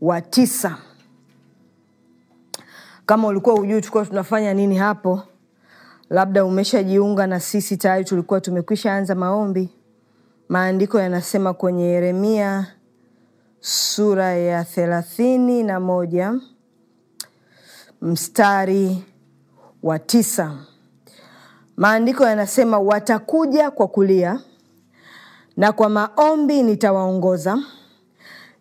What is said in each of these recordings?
wa tisa. Kama ulikuwa hujui tukuwa tunafanya nini hapo, labda umeshajiunga na sisi tayari, tulikuwa tumekwisha anza maombi. Maandiko yanasema kwenye Yeremia sura ya thelathini na moja mstari wa tisa maandiko yanasema, watakuja kwa kulia na kwa maombi nitawaongoza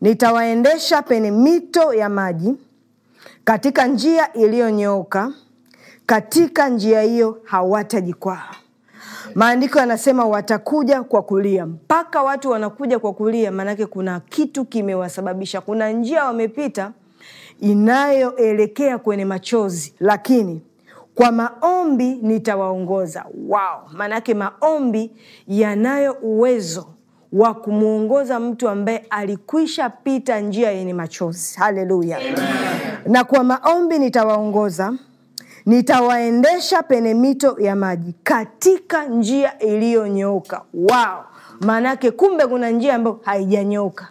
Nitawaendesha penye mito ya maji, katika njia iliyonyooka, katika njia hiyo hawatajikwaa. Maandiko yanasema watakuja kwa kulia. Mpaka watu wanakuja kwa kulia, maanake kuna kitu kimewasababisha, kuna njia wamepita inayoelekea kwenye machozi, lakini kwa maombi nitawaongoza wao. Maanake maombi yanayo uwezo wa kumwongoza mtu ambaye alikwisha pita njia yenye machozi. Haleluya! Na kwa maombi nitawaongoza, nitawaendesha penye mito ya maji, katika njia iliyonyooka. Wow! maanaake kumbe kuna njia ambayo haijanyooka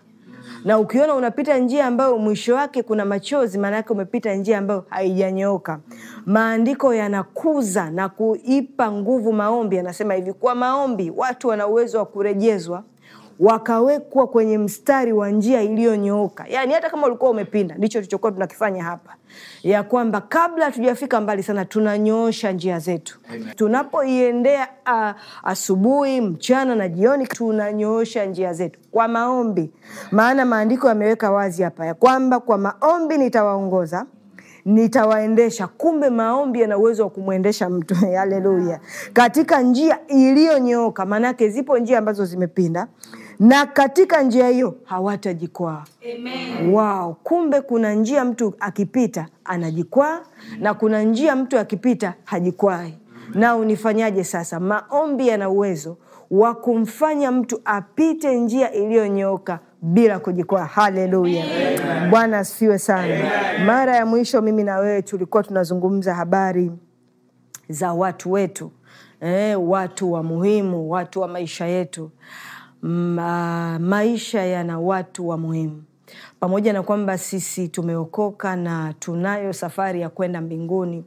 na ukiona unapita njia ambayo mwisho wake kuna machozi, maanaake umepita njia ambayo haijanyooka. Maandiko yanakuza na kuipa nguvu maombi. Anasema hivi, kwa maombi watu wana uwezo wa kurejezwa wakawekwa kwenye mstari wa njia iliyonyooka yani hata kama ulikuwa umepinda ndicho tulichokuwa tunakifanya hapa ya kwamba kabla hatujafika mbali sana tunanyoosha njia zetu tunapoiendea asubuhi mchana na jioni tunanyoosha njia zetu kwa maombi maana maandiko yameweka wazi hapa ya kwamba kwa maombi nitawaongoza nitawaendesha kumbe maombi yana uwezo wa kumwendesha mtu haleluya katika njia iliyonyooka maanaake zipo njia ambazo zimepinda na katika njia hiyo hawatajikwaa. Wow, kumbe kuna njia mtu akipita anajikwaa na kuna njia mtu akipita hajikwai na unifanyaje sasa? Maombi yana uwezo wa kumfanya mtu apite njia iliyonyooka bila kujikwaa. Haleluya, Bwana asifiwe sana. Mara ya mwisho mimi na wewe tulikuwa tunazungumza habari za watu wetu, eh, watu wa muhimu, watu wa maisha yetu ma, maisha yana watu wa muhimu. Pamoja na kwamba sisi tumeokoka na tunayo safari ya kwenda mbinguni,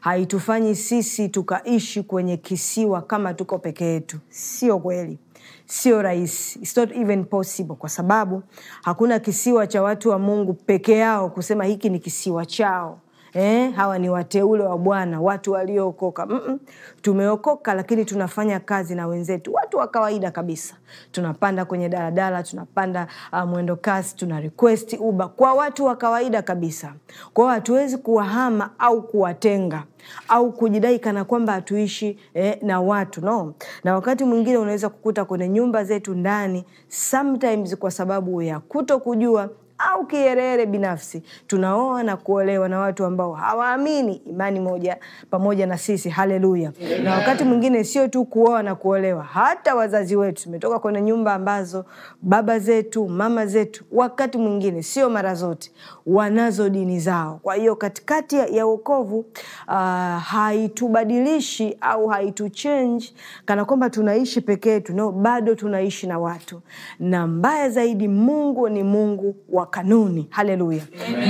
haitufanyi sisi tukaishi kwenye kisiwa kama tuko peke yetu. Sio kweli, sio rahisi, it's not even possible, kwa sababu hakuna kisiwa cha watu wa Mungu peke yao kusema hiki ni kisiwa chao eh, hawa ni wateule wa Bwana, watu waliookoka. mm -mm. Tumeokoka, lakini tunafanya kazi na wenzetu, watu wa kawaida kabisa. Tunapanda kwenye daladala, tunapanda uh, mwendo kasi, tuna request Uber kwa watu wa kawaida kabisa. Kwa hiyo hatuwezi kuwahama au kuwatenga au kujidai kana kwamba hatuishi eh, na watu no. Na wakati mwingine unaweza kukuta kwenye nyumba zetu ndani sometimes, kwa sababu ya kuto kujua au kiherehere binafsi. Tunaoa na kuolewa na watu ambao hawaamini imani moja pamoja na sisi. Haleluya! Na wakati mwingine sio tu kuoa na kuolewa, hata wazazi wetu, tumetoka kwenye nyumba ambazo baba zetu, mama zetu, wakati mwingine sio mara zote, wanazo dini zao. Kwa hiyo katikati ya wokovu uh, haitubadilishi au haituchange kana kwamba tunaishi peke yetu. No, bado tunaishi na watu, na mbaya zaidi, Mungu ni Mungu wa kanuni haleluya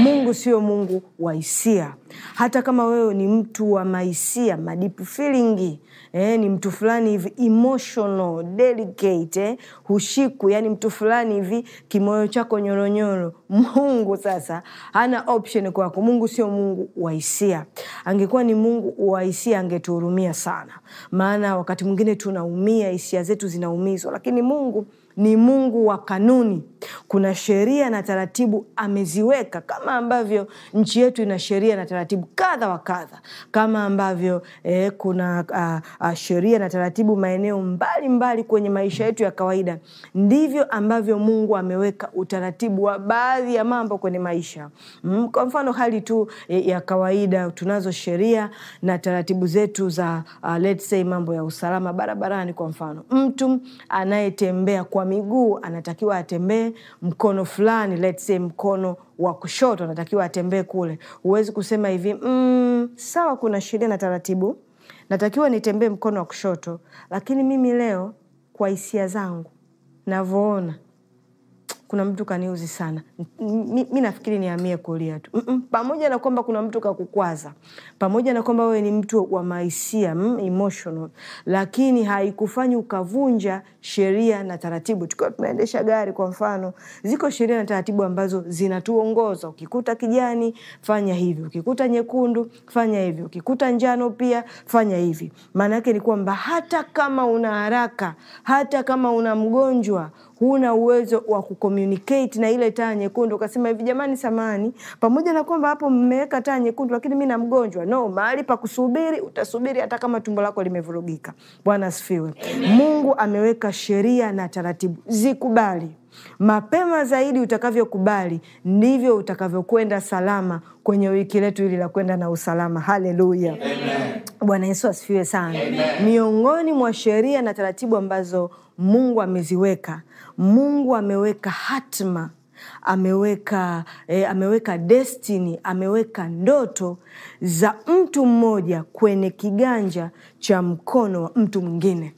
mungu sio mungu wa hisia hata kama wewe ni mtu wa mahisia madipu filingi eh, ni mtu fulani hivi emotional delicate eh, hushiku yani mtu fulani hivi kimoyo chako nyoronyoro mungu sasa hana option kwako mungu sio mungu wa hisia angekuwa ni mungu wa hisia angetuhurumia sana maana wakati mwingine tunaumia hisia zetu zinaumizwa lakini mungu ni mungu wa kanuni kuna sheria na taratibu ameziweka, kama ambavyo nchi yetu ina sheria na taratibu kadha wa kadha, kama ambavyo eh, kuna uh, uh, sheria na taratibu maeneo mbalimbali mbali kwenye maisha yetu ya kawaida, ndivyo ambavyo Mungu ameweka utaratibu wa baadhi ya mambo kwenye maisha. Mm, kwa mfano hali tu eh, ya kawaida, tunazo sheria na taratibu zetu za uh, let's say mambo ya usalama barabarani. Kwa mfano, mtu anayetembea kwa miguu anatakiwa atembee mkono fulani, let's say mkono wa kushoto natakiwa atembee kule. Huwezi kusema hivi mm, sawa, kuna shida na taratibu, natakiwa nitembee mkono wa kushoto, lakini mimi leo kwa hisia zangu navoona kuna mtu kaniuzi sana, mi nafikiri niamie kulia tu. mm -mm. Pamoja na kwamba kuna mtu kakukwaza, pamoja na kwamba wewe ni mtu wa mahisia mm, lakini haikufanyi ukavunja sheria na taratibu. Tukiwa tunaendesha gari kwa mfano, ziko sheria na taratibu ambazo zinatuongoza. Ukikuta kijani, fanya hivi; ukikuta nyekundu, fanya hivi; ukikuta njano, pia fanya hivi. Maana yake ni kwamba hata kama una haraka, hata kama una mgonjwa huna uwezo wa kucommunicate na ile taa nyekundu, ukasema hivi, jamani, samani, pamoja na kwamba hapo mmeweka taa nyekundu, lakini mi na mgonjwa. No, mahali pa kusubiri utasubiri, hata kama tumbo lako limevurugika. Bwana asifiwe. Mungu ameweka sheria na taratibu, zikubali mapema zaidi utakavyokubali ndivyo utakavyokwenda salama kwenye wiki letu hili la kwenda na usalama. Haleluya, Bwana Yesu asifiwe sana. Amen. Miongoni mwa sheria na taratibu ambazo Mungu ameziweka, Mungu ameweka hatma ameweka eh, ameweka destini, ameweka ndoto za mtu mmoja kwenye kiganja cha mkono wa mtu mwingine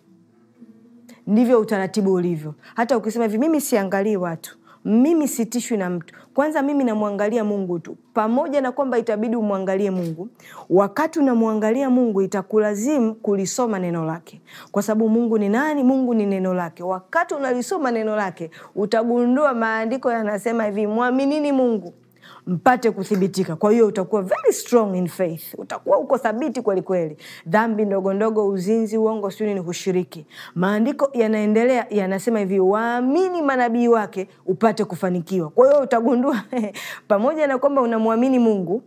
ndivyo utaratibu ulivyo. Hata ukisema hivi, mimi siangalii watu, mimi sitishwi na mtu, kwanza mimi namwangalia Mungu tu, pamoja na kwamba itabidi umwangalie Mungu. Wakati unamwangalia Mungu, itakulazimu kulisoma neno lake, kwa sababu Mungu ni nani? Mungu ni neno lake. Wakati unalisoma neno lake, utagundua maandiko yanasema hivi, mwaminini Mungu mpate kuthibitika kwa hiyo utakuwa very strong in faith utakuwa uko thabiti kwelikweli dhambi ndogondogo uzinzi uongo siuni ni kushiriki maandiko yanaendelea yanasema hivi waamini manabii wake upate kufanikiwa kwa hiyo utagundua pamoja na kwamba unamwamini mungu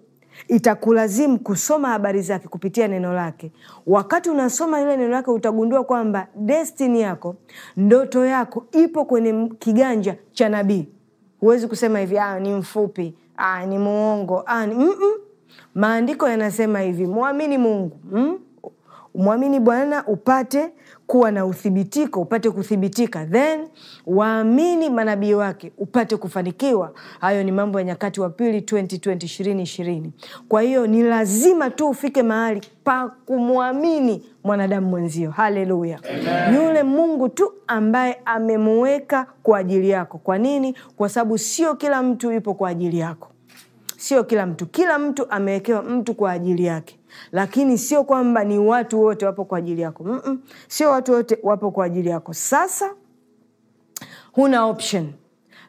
itakulazimu kusoma habari zake kupitia neno lake wakati unasoma ile neno lake utagundua kwamba destini yako ndoto yako ipo kwenye kiganja cha nabii huwezi kusema hivi ah, ni mfupi ah, ni muongo ah, ni, mm -mm. Maandiko yanasema hivi, mwamini Mungu mm? Mwamini Bwana upate kuwa na uthibitiko upate kuthibitika, then waamini manabii wake upate kufanikiwa. Hayo ni mambo ya Nyakati wa Pili 2020 ishirini Kwa hiyo ni lazima tu ufike mahali pa kumwamini mwanadamu mwenzio. Haleluya! Yule Mungu tu ambaye amemuweka kwa ajili yako. Kwa nini? Kwa sababu sio kila mtu yupo kwa ajili yako sio kila mtu. Kila mtu amewekewa mtu kwa ajili yake, lakini sio kwamba ni watu wote wapo kwa ajili yako. Mm -mm. Sio watu wote wapo kwa ajili yako. Sasa huna option,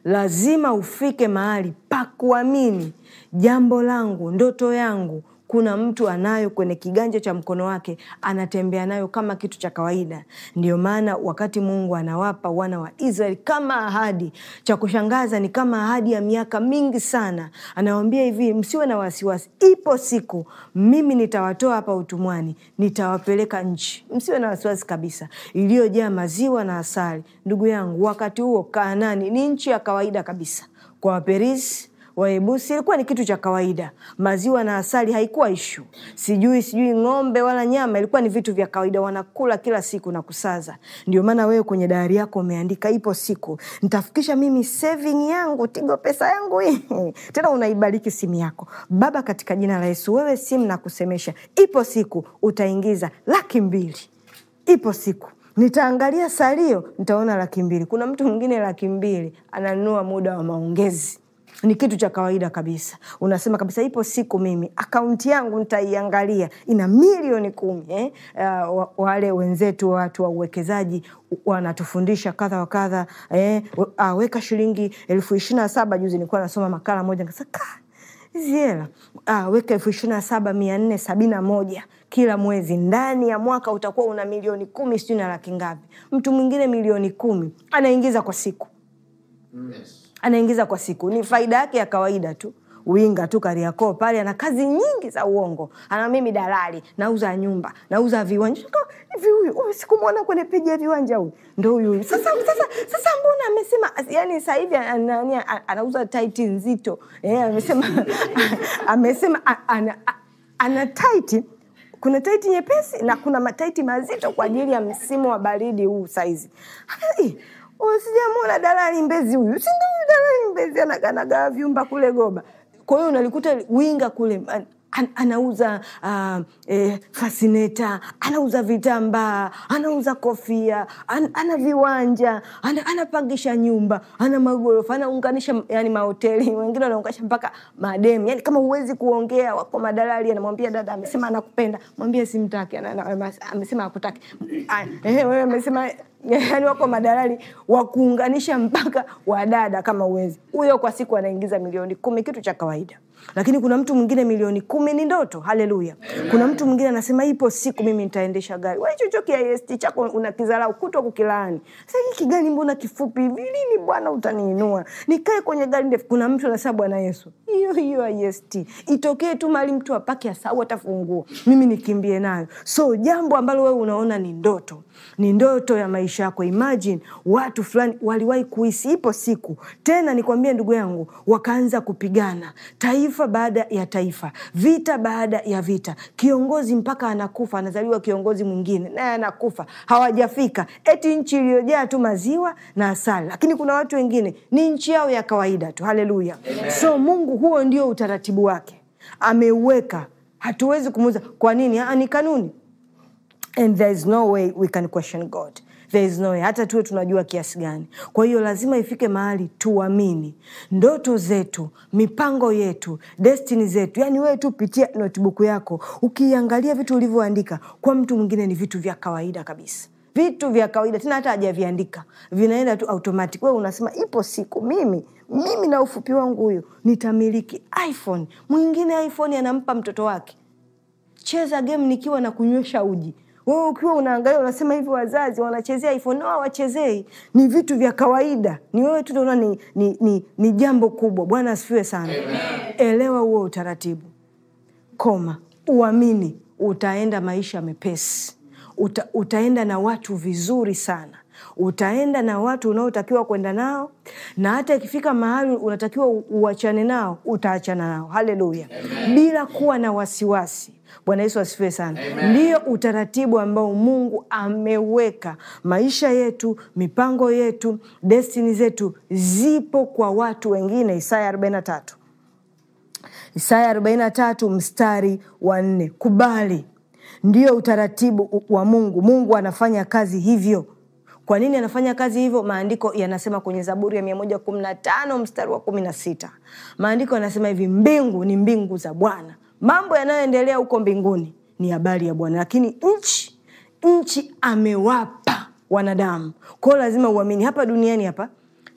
lazima ufike mahali pa kuamini, jambo langu, ndoto yangu kuna mtu anayo kwenye kiganja cha mkono wake, anatembea nayo kama kitu cha kawaida. Ndio maana wakati Mungu anawapa wana wa Israeli kama ahadi, cha kushangaza ni kama ahadi ya miaka mingi sana, anawambia hivi, msiwe na wasiwasi, ipo siku mimi nitawatoa hapa utumwani, nitawapeleka nchi, msiwe na wasiwasi kabisa, iliyojaa maziwa na asali. Ndugu yangu, wakati huo Kanaani ni nchi ya kawaida kabisa kwa Waperisi Waebusi ilikuwa ni kitu cha kawaida. Maziwa na asali haikuwa ishu, sijui sijui ng'ombe wala nyama, ilikuwa ni vitu vya kawaida, wanakula kila siku na kusaza. Ndio maana wewe kwenye dayari yako umeandika, ipo siku ntafikisha mimi saving yangu Tigo pesa yangu hii tena unaibariki simu yako. Baba, katika jina la Yesu, wewe simu na kusemesha, ipo siku utaingiza laki mbili, ipo siku nitaangalia salio, nitaona laki mbili. Kuna mtu mwingine laki mbili ananunua muda wa maongezi ni kitu cha kawaida kabisa unasema kabisa ipo siku mimi akaunti yangu ntaiangalia ina milioni kumi eh? uh, wale wenzetu watu wa uwekezaji wanatufundisha kadha wa kadha eh? Uh, weka shilingi elfu ishiri na saba juzi nilikuwa nasoma makala moja kasaka hizi hela ah, weka elfu ishirini na saba mia nne sabini na moja kila mwezi, ndani ya mwaka utakuwa una milioni kumi sijui na laki ngapi. Mtu mwingine milioni kumi anaingiza kwa siku mm. yes anaingiza kwa siku, ni faida yake ya kawaida tu winga tu Kariakoo pale ana kazi nyingi za uongo. Ana mimi dalali, nauza nyumba, nauza viwanja. Hivi huyu sikumwona kwenye peji ya viwanja huyu. ndo huyu. Sasa sasa sasa mbona amesema yani sasa hivi anania anauza tight nzito. Eh, amesema amesema ana, ana tight kuna taiti nyepesi na kuna mataiti mazito kwa ajili ya msimu wa baridi huu saizi. Oh, sijamwona dalali mbezi huyu, si ndio dalali mbezi anaganaga vyumba kule goma Kwa hiyo unalikuta winga kule an, an, anauza uh, eh, fasineta, anauza vitambaa, anauza kofia an, ana viwanja an, anapangisha nyumba, ana magorofa, anaunganisha yani mahoteli, wengine wanaunganisha mpaka madem Yani kama huwezi kuongea, wako madalali, anamwambia dada amesema anakupenda, mwambie simtaki, amesema akutaki, ah, eh, wewe amesema yani wako madalali wa kuunganisha mpaka wadada kama uwezi huyo kwa siku anaingiza milioni kumi kitu cha kawaida lakini kuna mtu mwingine milioni kumi ni ndoto haleluya kuna mtu mwingine anasema ipo siku mimi nitaendesha gari waichocho kist chako unakizalau kutwa kukilaani sahiki gani mbona kifupi lini bwana utaniinua nikae kwenye gari ndefu kuna mtu anasema bwana yesu hiyo hiyo ist itokee tu mali mtu apake asau atafungua mimi nikimbie nayo so jambo ambalo wewe unaona ni ndoto ni ndoto ya maisha maisha yako. Imagine watu fulani waliwahi kuhisi, ipo siku tena, nikwambie ndugu yangu, wakaanza kupigana taifa baada ya taifa, vita baada ya vita, kiongozi mpaka anakufa, anazaliwa kiongozi mwingine naye anakufa, hawajafika eti nchi iliyojaa tu maziwa na asali, lakini kuna watu wengine ni nchi yao ya kawaida tu. Haleluya! So Mungu, huo ndio utaratibu wake ameuweka, hatuwezi kumuuza. Kwa nini? Ni yaani kanuni, and there is no way we can question God there is no way, hata tuwe tunajua kiasi gani. Kwa hiyo lazima ifike mahali tuamini ndoto zetu, mipango yetu, destini zetu. Yani wewe tu pitia notibuku yako, ukiangalia vitu ulivyoandika, kwa mtu mwingine ni vitu vya kawaida kabisa vitu vya kawaida tena, hata hajaviandika, vinaenda tu automatic. Wewe unasema ipo siku mimi mimi na ufupi wangu huyu nitamiliki iPhone. Mwingine iPhone anampa mtoto wake. Cheza game nikiwa na kunywesha uji wewe ukiwa unaangalia unasema hivi wazazi wanachezea iphone no hawachezei ni vitu vya kawaida ni wewe tu unaona ni, ni, ni, ni jambo kubwa bwana asifiwe sana Amen. elewa huo utaratibu koma uamini utaenda maisha mepesi Uta, utaenda na watu vizuri sana utaenda na watu unaotakiwa kwenda nao na hata ikifika mahali unatakiwa uachane nao utaachana nao haleluya bila kuwa na wasiwasi Bwana Yesu asifiwe sana. Ndio utaratibu ambao Mungu ameweka. Maisha yetu, mipango yetu, destini zetu zipo kwa watu wengine. Isaya 43 Isaya 43 mstari wa nne. Kubali, ndio utaratibu wa Mungu. Mungu anafanya kazi hivyo. Kwa nini anafanya kazi hivyo? Maandiko yanasema kwenye Zaburi ya 115 mstari wa 16, maandiko yanasema hivi, mbingu ni mbingu za Bwana mambo yanayoendelea huko mbinguni ni habari ya Bwana, lakini nchi nchi amewapa wanadamu. kwao lazima uamini, hapa duniani hapa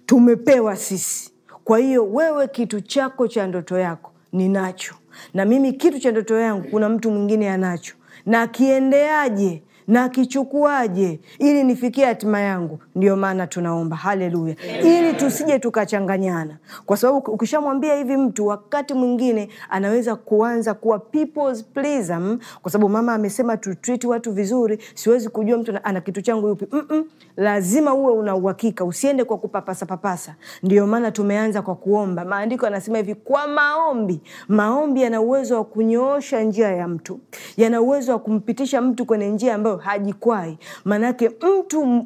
tumepewa sisi. Kwa hiyo wewe, kitu chako cha ndoto yako ninacho, na mimi kitu cha ndoto yangu, kuna mtu mwingine anacho, na kiendeaje na kichukuaje ili nifikie hatima yangu? Ndio maana tunaomba haleluya, ili tusije tukachanganyana, kwa sababu ukishamwambia hivi mtu, wakati mwingine anaweza kuanza kuwa people's pleasing, mm, kwa sababu mama amesema tutreat watu vizuri. Siwezi kujua mtu ana kitu changu yupi. mm -mm, lazima uwe una uhakika, usiende kwa kupapasa papasa. Ndio maana tumeanza kwa kuomba. Maandiko anasema hivi, kwa maombi. Maombi yana uwezo wa kunyoosha njia ya mtu, yana uwezo wa kumpitisha mtu kwenye njia ambayo hajikwai. Manake mtu uh,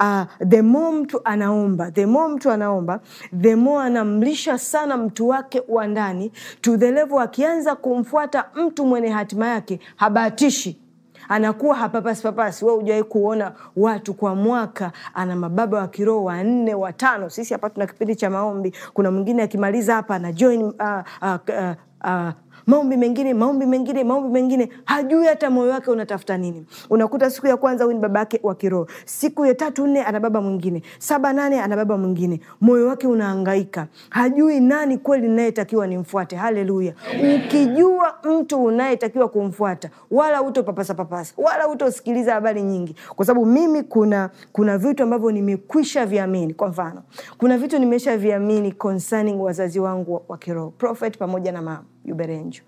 uh, the mo mtu anaomba, the mo mtu anaomba, the mo anamlisha sana mtu wake wa ndani, to the akianza kumfuata mtu mwenye hatima yake habatishi anakuwa hapapasi papasi. We ujawai kuona watu kwa mwaka ana mababa wa kiroho wanne watano. Sisi hapa tuna kipindi cha maombi, kuna mwingine akimaliza hapa ana join uh, uh, uh, uh, maombi mengine maombi mengine maombi mengine, hajui hata moyo wake unatafuta nini. Unakuta siku ya kwanza huyu ni baba yake wa kiroho, siku ya tatu nne ana baba mwingine, saba nane ana baba mwingine, moyo wake unaangaika, hajui nani kweli nayetakiwa nimfuate. Haleluya! Ukijua mtu unayetakiwa kumfuata, wala utopapasa papasa, wala utosikiliza habari nyingi, kwa sababu mimi kuna kuna vitu ambavyo nimekwisha viamini. Kwa mfano, kuna vitu nimesha viamini concerning wazazi wangu wa kiroho, prophet pamoja na mama Uberenjo.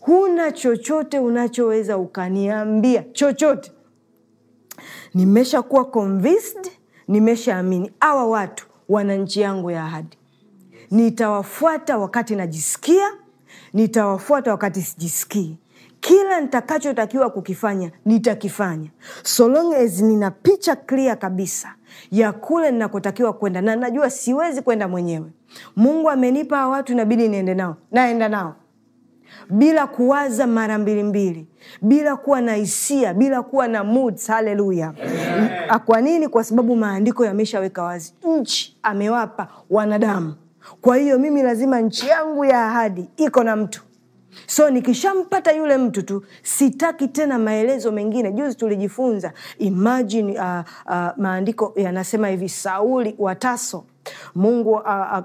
Huna chochote unachoweza ukaniambia chochote. Nimeshakuwa convinced, nimeshaamini hawa watu wana nchi yangu ya ahadi. Nitawafuata wakati najisikia, nitawafuata wakati sijisikii. Kila nitakachotakiwa kukifanya nitakifanya, so long as nina picha clear kabisa ya kule ninakotakiwa kwenda, na najua siwezi kwenda mwenyewe. Mungu amenipa hawa watu, inabidi niende nao, naenda nao bila kuwaza mara mbili mbili, bila kuwa na hisia, bila kuwa na moods. Haleluya! Kwa nini? Kwa sababu maandiko yameshaweka wazi, nchi amewapa wanadamu. Kwa hiyo mimi lazima nchi yangu ya ahadi iko na mtu So nikishampata yule mtu tu, sitaki tena maelezo mengine. Juzi tulijifunza imagine, uh, uh, maandiko yanasema hivi, Sauli wataso Mungu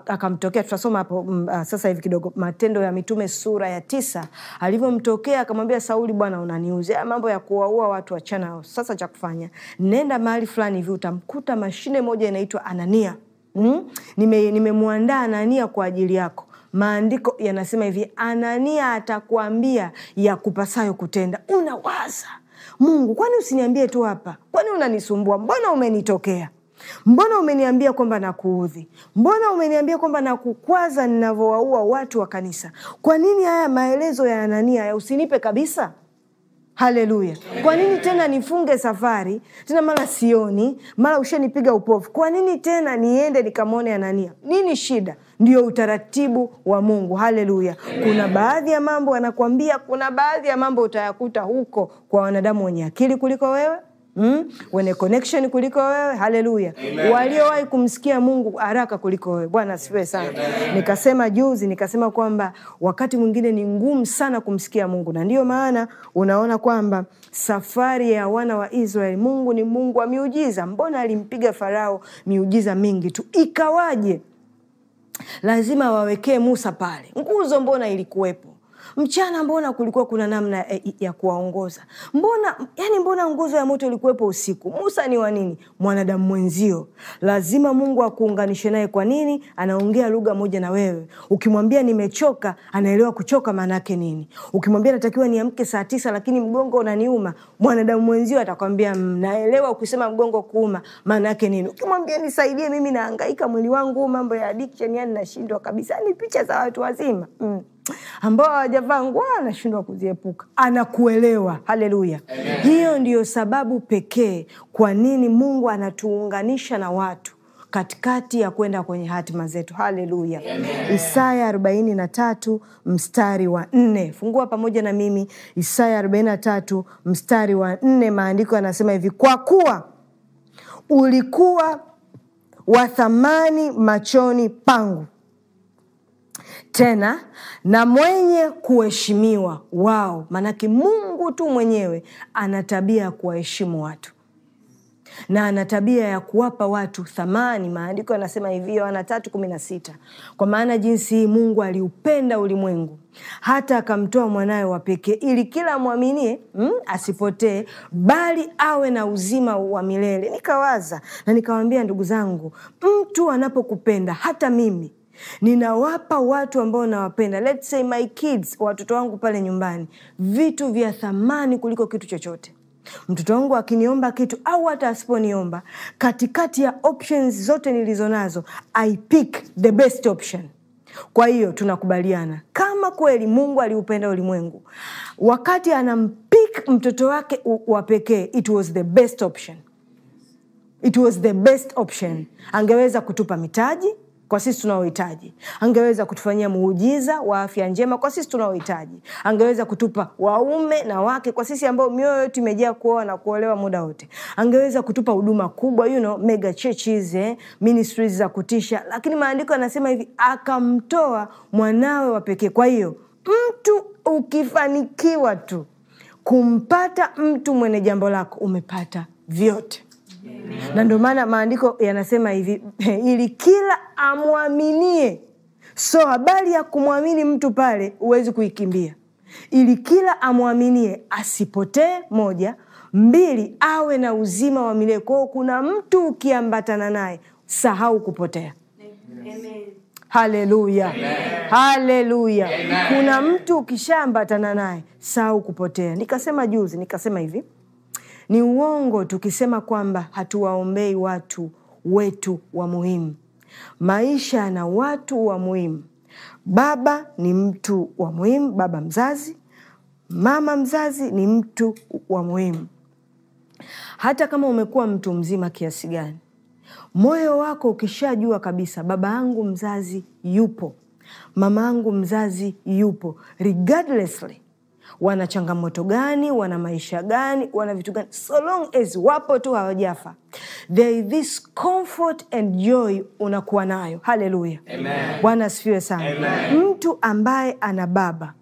akamtokea, tutasoma hapo mm, sasa hivi kidogo, Matendo ya Mitume sura ya tisa. Alivyomtokea akamwambia Sauli, Bwana, unaniuzia mambo ya kuwaua watu, wachana sasa. Cha kufanya nenda mahali fulani hivi, utamkuta mashine moja inaitwa Anania. Hmm? Nimemwandaa nime Anania kwa ajili yako. Maandiko yanasema hivi, Anania atakuambia ya kupasayo kutenda. Unawaza Mungu, kwani usiniambie tu hapa? Kwani unanisumbua? Mbona umenitokea? Mbona umeniambia kwamba nakuudhi? Mbona umeniambia kwamba nakukwaza ninavyowaua watu wa kanisa? Kwa nini haya maelezo ya Anania ya usinipe kabisa? Haleluya! Kwa nini tena nifunge safari tena, mara sioni, mara ushenipiga upofu? Kwa nini tena niende nikamwone Anania? Nini shida? Ndio utaratibu wa Mungu. Haleluya! Kuna baadhi ya mambo anakuambia, kuna baadhi ya mambo utayakuta huko kwa wanadamu wenye akili kuliko wewe mm? wenye connection kuliko wewe haleluya waliowahi kumsikia mungu haraka kuliko wewe bwana asifiwe sana Amen. nikasema juzi nikasema kwamba wakati mwingine ni ngumu sana kumsikia mungu na ndiyo maana unaona kwamba safari ya wana wa israel mungu ni mungu wa miujiza mbona alimpiga farao miujiza mingi tu ikawaje lazima wawekee musa pale nguzo mbona ilikuwepo mchana mbona kulikuwa kuna namna eh, ya kuwaongoza mbona yani mbona nguzo ya moto ilikuwepo usiku musa ni wanini mwanadamu mwenzio lazima mungu akuunganishe naye kwa nini anaongea lugha moja na wewe ukimwambia nimechoka anaelewa kuchoka maana yake nini ukimwambia natakiwa niamke saa tisa lakini mgongo unaniuma mwanadamu mwenzio atakwambia mm, naelewa ukisema mgongo kuuma maana yake nini ukimwambia nisaidie mimi naangaika mwili wangu mambo ya addiction yani nashindwa kabisa ni picha za watu wazima mm ambao hawajavaa nguo anashindwa kuziepuka, anakuelewa. Haleluya! Hiyo ndiyo sababu pekee kwa nini Mungu anatuunganisha na watu katikati ya kwenda kwenye hatima zetu. Haleluya! Isaya 43 mstari wa nne. Fungua pamoja na mimi Isaya 43 mstari wa nne. Maandiko yanasema hivi, kwa kuwa ulikuwa wa thamani machoni pangu tena na mwenye kuheshimiwa wao. Maanake Mungu tu mwenyewe ana tabia ya kuwaheshimu watu na ana tabia ya kuwapa watu thamani. Maandiko yanasema hivi, Yohana tatu kumi na sita kwa maana jinsi hii Mungu aliupenda ulimwengu hata akamtoa mwanawe wa pekee, ili kila amwaminie mm, asipotee, bali awe na uzima wa milele. Nikawaza na nikawambia, ndugu zangu, mtu anapokupenda hata mimi ninawapa watu ambao nawapenda, let's say my kids, watoto wangu pale nyumbani, vitu vya thamani kuliko kitu chochote. Mtoto wangu akiniomba kitu au hata asiponiomba, katikati ya options zote nilizo nazo, I pick the best option. Kwa hiyo tunakubaliana kama kweli Mungu aliupenda ulimwengu, wakati anampik mtoto wake wa pekee, it was the best option, it was the best option. Angeweza kutupa mitaji kwa sisi tunaohitaji. Angeweza kutufanyia muujiza wa afya njema kwa sisi tunaohitaji. Angeweza kutupa waume na wake kwa sisi ambao mioyo yetu imejaa kuoa na kuolewa muda wote. Angeweza kutupa huduma kubwa, you know, mega churches, eh, ministries za kutisha, lakini maandiko yanasema hivi, akamtoa mwanawe wa pekee. Kwa hiyo mtu ukifanikiwa tu kumpata mtu mwenye jambo lako, umepata vyote na ndio maana maandiko yanasema hivi ili kila amwaminie so habari ya kumwamini mtu pale huwezi kuikimbia ili kila amwaminie asipotee moja mbili awe na uzima wa milee kwao kuna mtu ukiambatana naye sahau kupotea haleluya haleluya kuna mtu ukishaambatana naye sahau kupotea nikasema juzi nikasema hivi ni uongo tukisema kwamba hatuwaombei watu wetu wa muhimu. Maisha na watu wa muhimu. Baba ni mtu wa muhimu, baba mzazi, mama mzazi ni mtu wa muhimu. Hata kama umekuwa mtu mzima kiasi gani, moyo wako ukishajua kabisa baba yangu mzazi yupo, mama yangu mzazi yupo, regardlessly wana changamoto gani, wana maisha gani, wana vitu gani, so long as wapo tu hawajafa, there is this comfort and joy unakuwa nayo. Haleluya, Bwana asifiwe sana. Mtu ambaye ana baba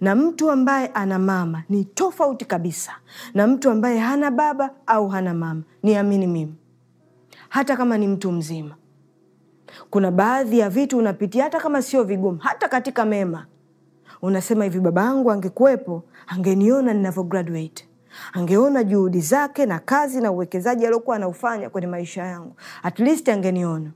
na mtu ambaye ana mama ni tofauti kabisa na mtu ambaye hana baba au hana mama. Niamini mimi, hata kama ni mtu mzima, kuna baadhi ya vitu unapitia, hata kama sio vigumu, hata katika mema Unasema hivi, baba yangu angekuwepo angeniona ninavyo graduate, angeona juhudi zake na kazi na uwekezaji aliokuwa anaufanya kwenye maisha yangu, at least angeniona.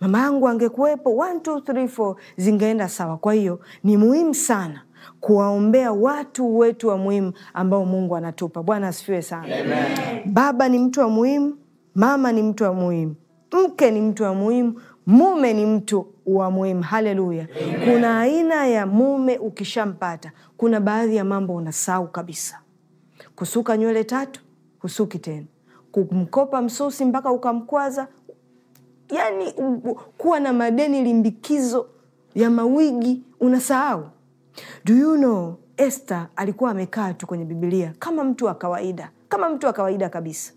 Mama yangu angekuwepo, one two three four zingeenda sawa. Kwa hiyo ni muhimu sana kuwaombea watu wetu wa muhimu ambao Mungu anatupa. Bwana asifiwe sana. Amen. Baba ni mtu wa muhimu, mama ni mtu wa muhimu, mke ni mtu wa muhimu, mume ni mtu wa muhimu. Haleluya! Kuna aina ya mume ukishampata, kuna baadhi ya mambo unasahau kabisa. Kusuka nywele tatu husuki tena, kumkopa msusi mpaka ukamkwaza, yani kuwa na madeni limbikizo ya mawigi unasahau. Do you know Esther alikuwa amekaa tu kwenye Bibilia kama mtu wa kawaida, kama mtu wa kawaida kabisa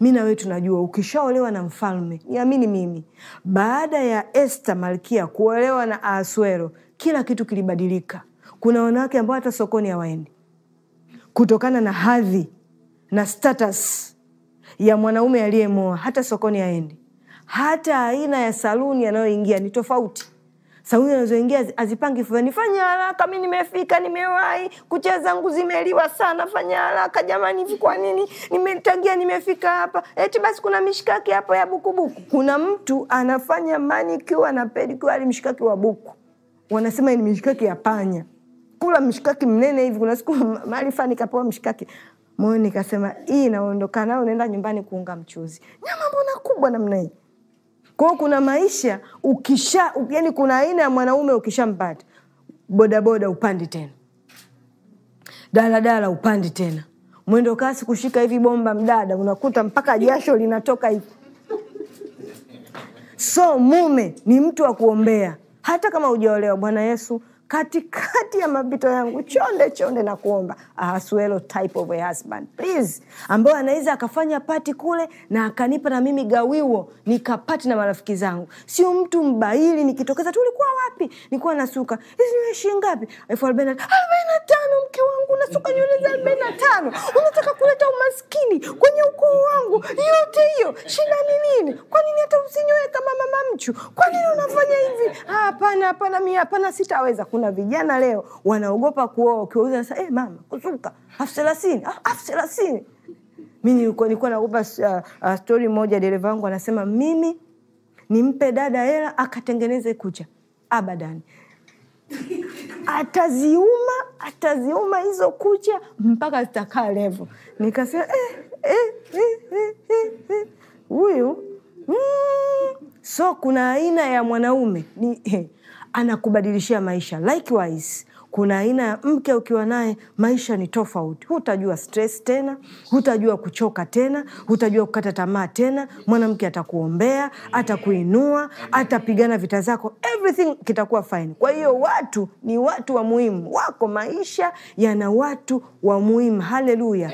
mi na tunajua ukishaolewa na mfalme, niamini mimi, baada ya Esta malkia kuolewa na aswero kila kitu kilibadilika. Kuna wanawake ambao hata sokoni hawaendi kutokana na hadhi na status ya mwanaume aliyemoa, hata sokoni haendi, hata aina ya saluni anayoingia ni tofauti sauni anazoingia azipangi fulani, fanya haraka, mi nimefika, nimewahi, kucha zangu zimeliwa sana, fanya haraka jamani, hivi kwa nini nimetagia, nimefika hapa, eti basi kuna mishikaki hapo ya bukubuku. Kuna mtu anafanya manicure na ali mishikaki wa buku, wanasema ni mishikaki ya panya, kula mshikaki mnene hivi. Kuna siku mali fani nikapewa mshikaki moyo, nikasema hii nao, unaenda nyumbani kuunga mchuzi, nyama mbona kubwa namna hii kwao kuna maisha ukisha, yani kuna aina ya mwanaume ukishampata bodaboda upandi tena, daladala upandi tena, mwendo kasi kushika hivi bomba, mdada unakuta mpaka jasho linatoka hivi. So mume ni mtu wa kuombea, hata kama ujaolewa Bwana Yesu katikati ya mapito yangu chonde chonde na kuomba ahasuelo type of a husband please ambayo anaweza akafanya pati kule na akanipa na mimi gawiwo nikapati na marafiki zangu sio mtu mbaili nikitokeza tu ulikuwa wapi Nilikuwa nasuka hizi shilingi ngapi elfu arobaini arobaini na tano mke wangu nasuka nywele za arobaini na tano unataka kuleta umaskini kwenye ukoo wangu yote hiyo shida ni nini kwa nini hata usinyoe kama mama mchu kwa nini unafanya hivi ah, hapana hapana mi hapana sitaweza kuna vijana leo wanaogopa kuoa, ukiwauliza sasa, eh, mama kusuka elfu thelathini elfu thelathini Mi nilikuwa nilikuwa naogopa uh, uh, stori moja, dereva wangu anasema mimi nimpe dada hela akatengeneze kucha. Abadan, ataziuma ataziuma hizo kucha mpaka zitakaa levo. Nikasema eh, eh, eh, eh, eh. huyu mm. So kuna aina ya mwanaume ni eh anakubadilishia maisha. Likewise, kuna aina ya mke ukiwa naye maisha ni tofauti. Hutajua stress tena, hutajua kuchoka tena, hutajua kukata tamaa tena. Mwanamke atakuombea, atakuinua, atapigana vita zako, everything kitakuwa fine. Kwa hiyo watu ni watu wa muhimu, wako maisha yana watu wa muhimu. Haleluya!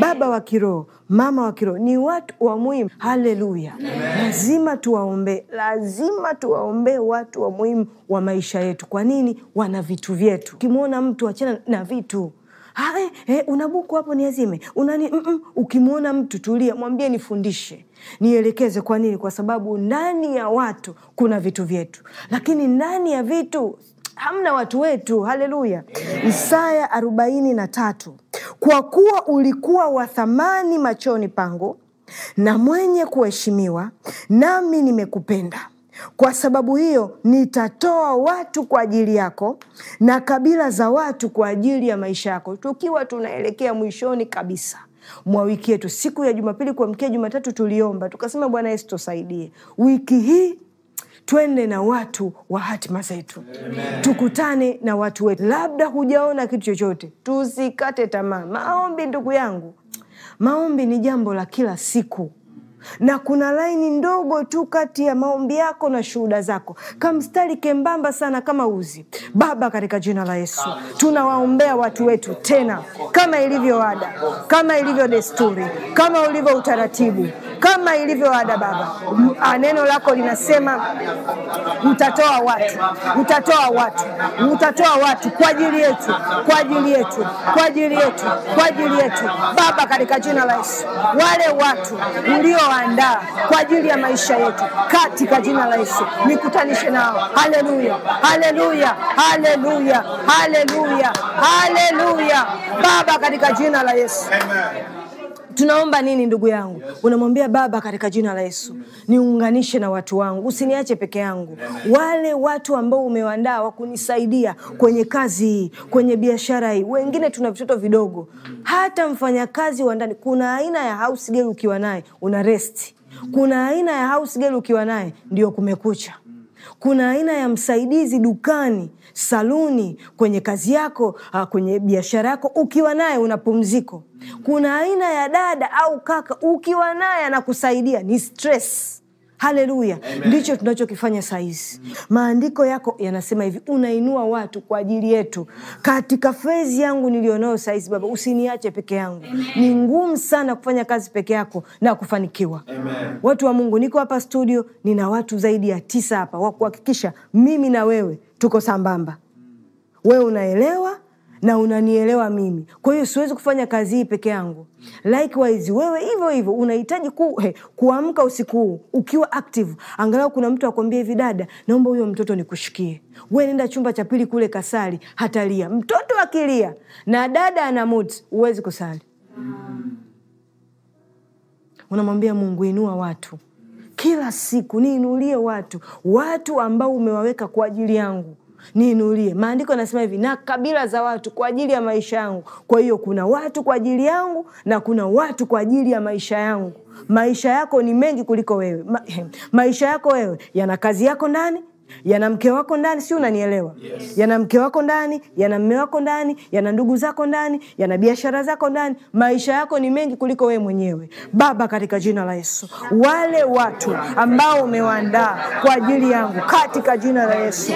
Baba wa kiroho mama wa kiroho ni watu wa muhimu. Haleluya! Lazima tuwaombee, lazima tuwaombee watu wa muhimu wa maisha yetu. Kwa nini? Wana vitu vyetu. Ukimwona mtu achana na vitu Ha, ah, eh, eh, una buku hapo niazime, unani mm -mm. Ukimwona mtu tulia, mwambie nifundishe, nielekeze. Kwa nini? Kwa sababu ndani ya watu kuna vitu vyetu, lakini ndani ya vitu hamna watu wetu haleluya isaya arobaini na tatu kwa kuwa ulikuwa wa thamani machoni pangu na mwenye kuheshimiwa nami nimekupenda kwa sababu hiyo nitatoa watu kwa ajili yako na kabila za watu kwa ajili ya maisha yako tukiwa tunaelekea mwishoni kabisa mwa wiki yetu siku ya jumapili kuamkia jumatatu tuliomba tukasema bwana yesu tusaidie wiki hii twende na watu wa hatima zetu, tukutane na watu wetu. Labda hujaona kitu chochote, tusikate tamaa. Maombi ndugu yangu, maombi ni jambo la kila siku na kuna laini ndogo tu kati ya maombi yako na shuhuda zako, kamstari kembamba sana kama uzi. Baba, katika jina la Yesu tunawaombea watu wetu tena, kama ilivyo ada, kama ilivyo desturi, kama ulivyo utaratibu, kama ilivyo ada. Baba, neno lako linasema utatoa watu, utatoa watu, utatoa watu kwa ajili yetu, kwa ajili yetu, kwa ajili yetu, kwa ajili yetu, Baba, katika jina la Yesu wale watu ulio uliowaandaa kwa ajili ya maisha yetu katika jina la Yesu, nikutanishe nao. Haleluya, haleluya, haleluya, haleluya, haleluya Baba, katika jina la Yesu Amen tunaomba nini ndugu yangu yes. unamwambia baba katika jina la yesu mm. niunganishe na watu wangu usiniache peke yangu Amen. wale watu ambao umewandaa wakunisaidia kwenye kazi hii kwenye biashara hii wengine tuna vitoto vidogo hata mfanyakazi wa ndani kuna aina ya house girl ukiwa naye una resti kuna aina ya house girl ukiwa naye ndio kumekucha kuna aina ya msaidizi dukani, saluni, kwenye kazi yako, ah, kwenye biashara yako, ukiwa naye una pumziko. Kuna aina ya dada au kaka, ukiwa naye anakusaidia, ni stress haleluya ndicho tunachokifanya sahizi mm. maandiko yako yanasema hivi unainua watu kwa ajili yetu katika fezi yangu nilionayo sahizi baba usiniache peke yangu ni ngumu sana kufanya kazi peke yako na kufanikiwa Amen. watu wa mungu niko hapa studio nina watu zaidi ya tisa hapa wakuhakikisha mimi na wewe tuko sambamba wewe unaelewa na unanielewa mimi, kwa hiyo siwezi kufanya kazi hii peke yangu. Likewise wewe hivyo hivyo unahitaji ku, kuamka usiku huu ukiwa active, angalau kuna mtu akwambia hivi, dada, naomba huyo mtoto nikushikie. We nenda chumba cha pili kule kasali, hatalia mtoto. Akilia na dada ana mood, huwezi kusali. Unamwambia Mungu, inua watu kila siku, niinulie watu, watu ambao umewaweka kwa ajili yangu niinulie. Maandiko anasema hivi, na kabila za watu kwa ajili ya maisha yangu. Kwa hiyo kuna watu kwa ajili yangu na kuna watu kwa ajili ya maisha yangu. Maisha yako ni mengi kuliko wewe. Ma, maisha yako wewe yana kazi yako ndani yana mke wako ndani, si unanielewa? Yes. Yana mke wako ndani, yana mme wako ndani, yana ndugu zako ndani, yana biashara zako ndani. Maisha yako ni mengi kuliko wewe mwenyewe. Baba, katika jina la Yesu, wale watu ambao umewaandaa kwa ajili yangu, katika jina la Yesu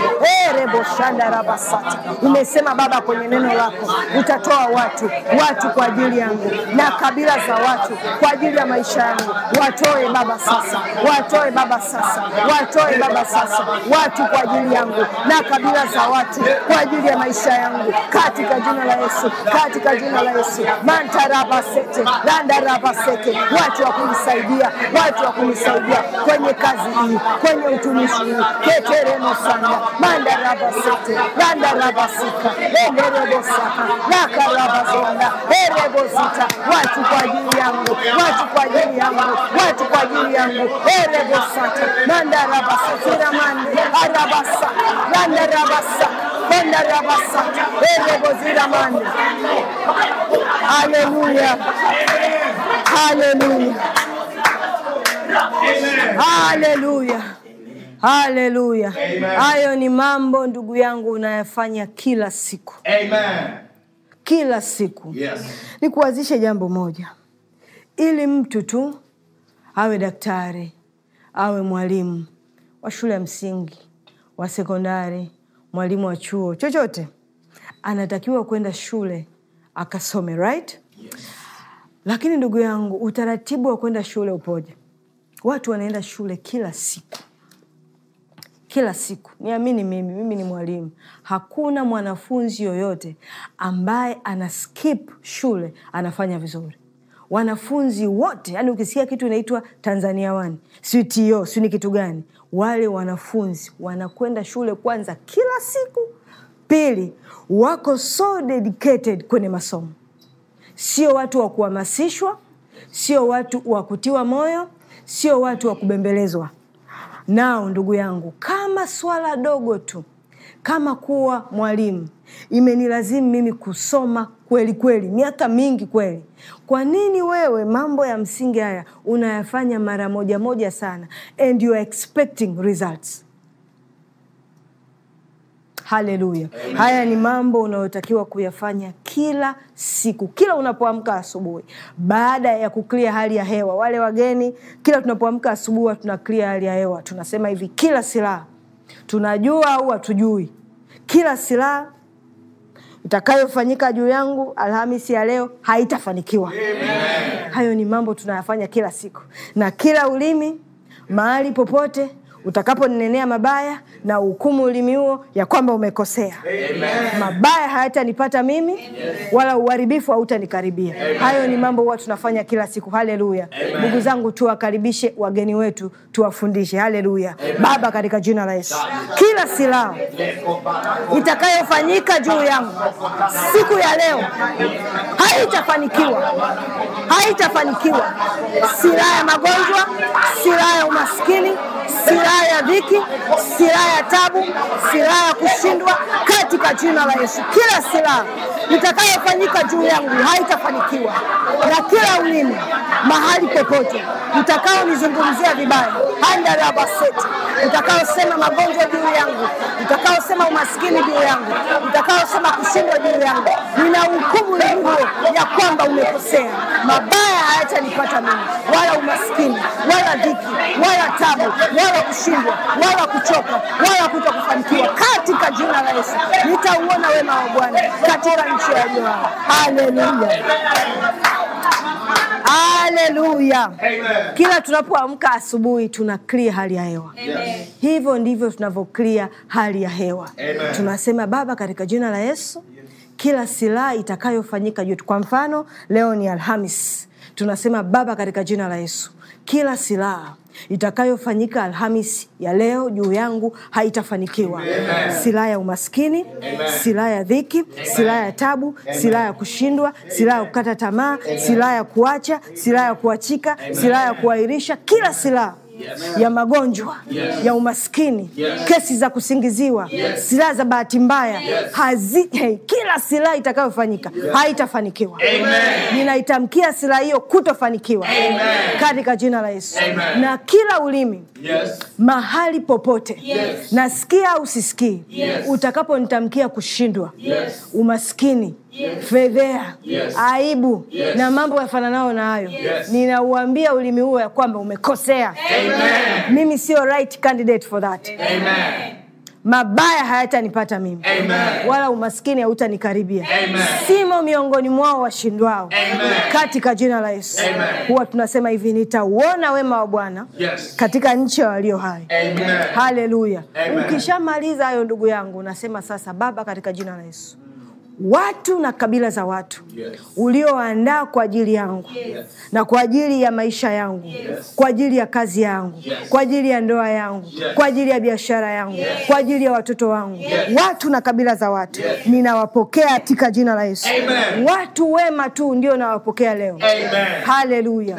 erebosandarabasata eh, umesema Baba, kwenye neno lako utatoa watu watu kwa ajili yangu na kabila za watu kwa ajili ya maisha yangu. Watoe Baba sasa, watoe Baba sasa, watoe Baba sasa, watoe watu kwa ajili yangu na kabila za watu kwa ajili ya maisha yangu, katika jina la Yesu, katika jina la Yesu. mantarabasete randarabaseke, watu wa kunisaidia, watu wa kunisaidia kwenye kazi hii, kwenye utumishi huu, keteremo sana mandarabasete randarabasika enderebosaka rakarabazonda erebozita, watu kwa ajili yangu, watu kwa ajili yangu, watu kwa ajili yangu, erebosata mandarabasatira mande arabasa randa rabasa kwenda rabasa ereboziramani haleluya haleluya haleluya haleluya hayo ni mambo ndugu yangu unayafanya kila siku Amen. kila siku yes. ni nikuwazishe jambo moja ili mtu tu awe daktari awe mwalimu wa shule ya msingi wa sekondari, mwalimu wa chuo chochote, anatakiwa kwenda shule akasome right? Yes. Lakini ndugu yangu, utaratibu wa kwenda shule upoje? Watu wanaenda shule kila siku kila siku. Niamini mimi, mimi ni mwalimu. Hakuna mwanafunzi yoyote ambaye ana skip shule anafanya vizuri. Wanafunzi wote, yani ukisikia kitu inaitwa Tanzania wani, sio tio, sio ni kitu gani, wale wanafunzi wanakwenda shule kwanza kila siku, pili wako so dedicated kwenye masomo, sio watu wa kuhamasishwa, sio watu wa kutiwa moyo, sio watu wa kubembelezwa. Nao ndugu yangu, kama swala dogo tu kama kuwa mwalimu imenilazimu mimi kusoma kweli kweli, miaka mingi kweli. Kwa nini wewe mambo ya msingi haya unayafanya mara moja moja sana, and you are expecting results? Haleluya! Haya ni mambo unayotakiwa kuyafanya kila siku, kila unapoamka asubuhi, baada ya kuklia hali ya hewa. Wale wageni, kila tunapoamka asubuhi tunaklia hali ya hewa, tunasema hivi, kila silaha tunajua au hatujui, kila silaha itakayofanyika juu yangu Alhamisi ya leo haitafanikiwa. Amen. Hayo ni mambo tunayafanya kila siku na kila ulimi mahali popote utakaponinenea mabaya na uhukumu ulimi huo ya kwamba umekosea. Amen. Mabaya hayatanipata mimi Amen. Wala uharibifu hautanikaribia. Hayo ni mambo huwa tunafanya kila siku. Haleluya! Ndugu zangu, tuwakaribishe wageni wetu, tuwafundishe. Haleluya! Baba, katika jina la Yesu, kila silaha itakayofanyika juu yangu siku ya leo haitafanikiwa, haitafanikiwa. Silaha ya magonjwa, silaha ya umaskini silaha ya dhiki, silaha ya tabu, silaha ya kushindwa katika jina la Yesu. Kila silaha itakayofanyika juu yangu haitafanikiwa, na kila ulimi mahali popote utakaonizungumzia vibaya, handalabaseti, utakaosema magonjwa juu yangu, utakaosema umaskini juu yangu, utakaosema kushindwa juu yangu, nina hukumu huo ya kwamba umekosea. Mabaya hayatanipata mimi, wala umaskini, wala dhiki, wala tabu wala kushindwa wala kuchoka wala kuto kufanikiwa katika jina la Yesu. Nitauona wema wa Bwana katika nchi ya Joa. Haleluya. Haleluya. Kila tunapoamka asubuhi tuna clear hali ya hewa. Yes. Hivyo ndivyo tunavyo clear hali ya hewa. Amen. Tunasema Baba, katika jina la Yesu, kila silaha itakayofanyika juu, kwa mfano leo ni Alhamis, tunasema Baba, katika jina la Yesu, kila silaha itakayofanyika Alhamis ya leo juu yangu haitafanikiwa. Silaha ya umaskini, silaha ya dhiki, silaha ya tabu, silaha ya kushindwa, silaha ya kukata tamaa, silaha ya kuacha, silaha ya kuachika, silaha ya kuahirisha, kila silaha yes. ya magonjwa yes. ya umaskini yes. kesi za kusingiziwa yes. silaha za bahati mbaya yes. Hazi, hey, kila silaha itakayofanyika yes. haitafanikiwa. Ninaitamkia silaha hiyo kutofanikiwa katika jina la Yesu. Amen. Na kila ulimi yes. mahali popote yes. nasikia au sisikii yes. utakaponitamkia kushindwa yes. umaskini yes. yes. aibu yes. na mambo yafananao na hayo yes. ninauambia ulimi huo ya kwamba umekosea Amen. mimi sio right candidate for that Amen. mabaya hayatanipata mimi Amen. wala umaskini hautanikaribia simo miongoni mwao washindwao katika jina la yesu huwa tunasema hivi nitauona wema wa bwana yes. katika nchi ya walio hai haleluya ukishamaliza hayo ndugu yangu nasema sasa baba katika jina la yesu watu na kabila za watu yes. ulioandaa kwa ajili yangu yes. na kwa ajili ya maisha yangu yes. kwa ajili ya kazi yangu yes. kwa ajili ya ndoa yangu yes. kwa ajili ya biashara yangu yes. kwa ajili ya watoto wangu yes. watu na kabila za watu yes. ninawapokea katika jina la Yesu. Amen. Watu wema tu ndio nawapokea leo. Haleluya!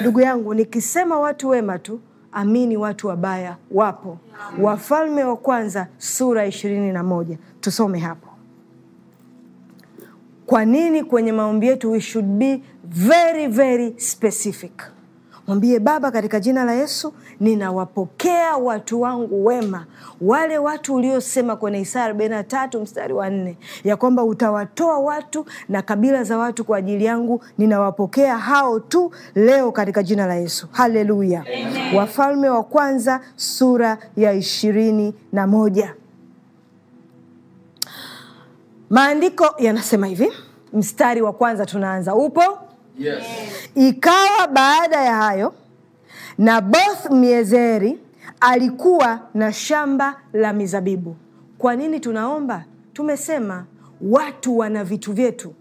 Ndugu yangu, nikisema watu wema tu Amini, watu wabaya wapo. Wafalme wa Kwanza sura ishirini na moja tusome hapo. Kwa nini kwenye maombi yetu we should be very very specific? Mwambie Baba, katika jina la Yesu ninawapokea watu wangu wema, wale watu uliosema kwenye Isaya arobaini na tatu mstari wa nne ya kwamba utawatoa watu na kabila za watu kwa ajili yangu. Ninawapokea hao tu leo katika jina la Yesu. Haleluya! Wafalme wa Kwanza sura ya ishirini na moja. Maandiko yanasema hivi, mstari wa kwanza tunaanza upo. Yes. Ikawa baada ya hayo Naboth Miezeri alikuwa na shamba la mizabibu. Kwa nini tunaomba? Tumesema watu wana vitu vyetu.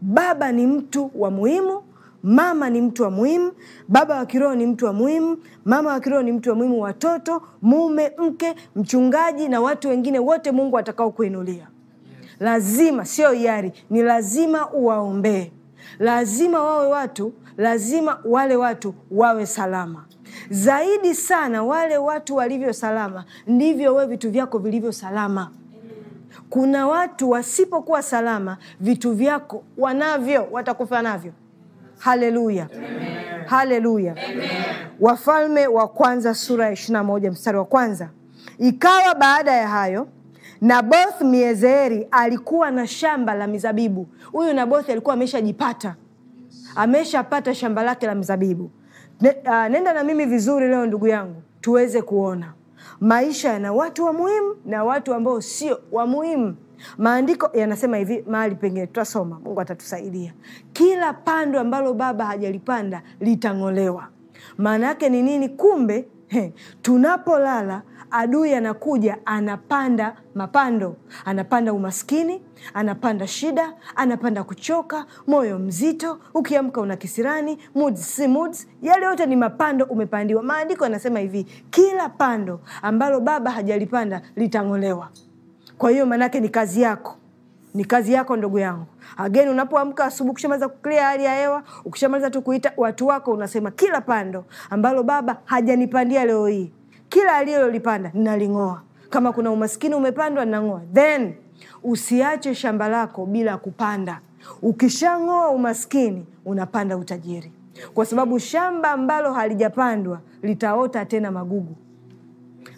Baba ni mtu wa muhimu, mama ni mtu wa muhimu, baba wa kiroho ni mtu wa muhimu, mama wa kiroho ni mtu wa muhimu, watoto, mume, mke, mchungaji na watu wengine wote Mungu atakao kuinulia lazima, sio hiari, ni lazima uwaombee, lazima wawe watu, lazima wale watu wawe salama zaidi sana. Wale watu walivyo salama, ndivyo wewe vitu vyako vilivyo salama. Kuna watu wasipokuwa salama, vitu vyako wanavyo, watakufa navyo. Haleluya, haleluya. Wafalme wa Kwanza sura ya 21 mstari wa kwanza. Ikawa baada ya hayo Naboth miezeri alikuwa na shamba la mizabibu. Huyu Naboth alikuwa ameshajipata, ameshapata shamba lake la mizabibu. Ne, uh, nenda na mimi vizuri leo ndugu yangu, tuweze kuona maisha yana watu wa muhimu na watu ambao sio wa muhimu. Maandiko yanasema hivi mahali pengine, tutasoma, Mungu atatusaidia. Kila pando ambalo baba hajalipanda litang'olewa. Maana yake ni nini? Kumbe tunapolala adui anakuja, anapanda mapando, anapanda umaskini, anapanda shida, anapanda kuchoka, moyo mzito, ukiamka una kisirani, moods, si moods, yale yote ni mapando umepandiwa. Maandiko anasema hivi, kila pando ambalo baba hajalipanda litang'olewa. Kwa hiyo maanake ni kazi yako ni kazi yako ndugu yangu. Ageni, unapoamka asubuhi, ukishamaliza kuklia hali ya hewa, ukishamaliza tu kuita watu wako, unasema kila pando ambalo baba hajanipandia leo hii kila alilolipanda naling'oa. Kama kuna umaskini umepandwa, nang'oa. Then usiache shamba lako bila kupanda. Ukishang'oa umaskini, unapanda utajiri, kwa sababu shamba ambalo halijapandwa litaota tena magugu.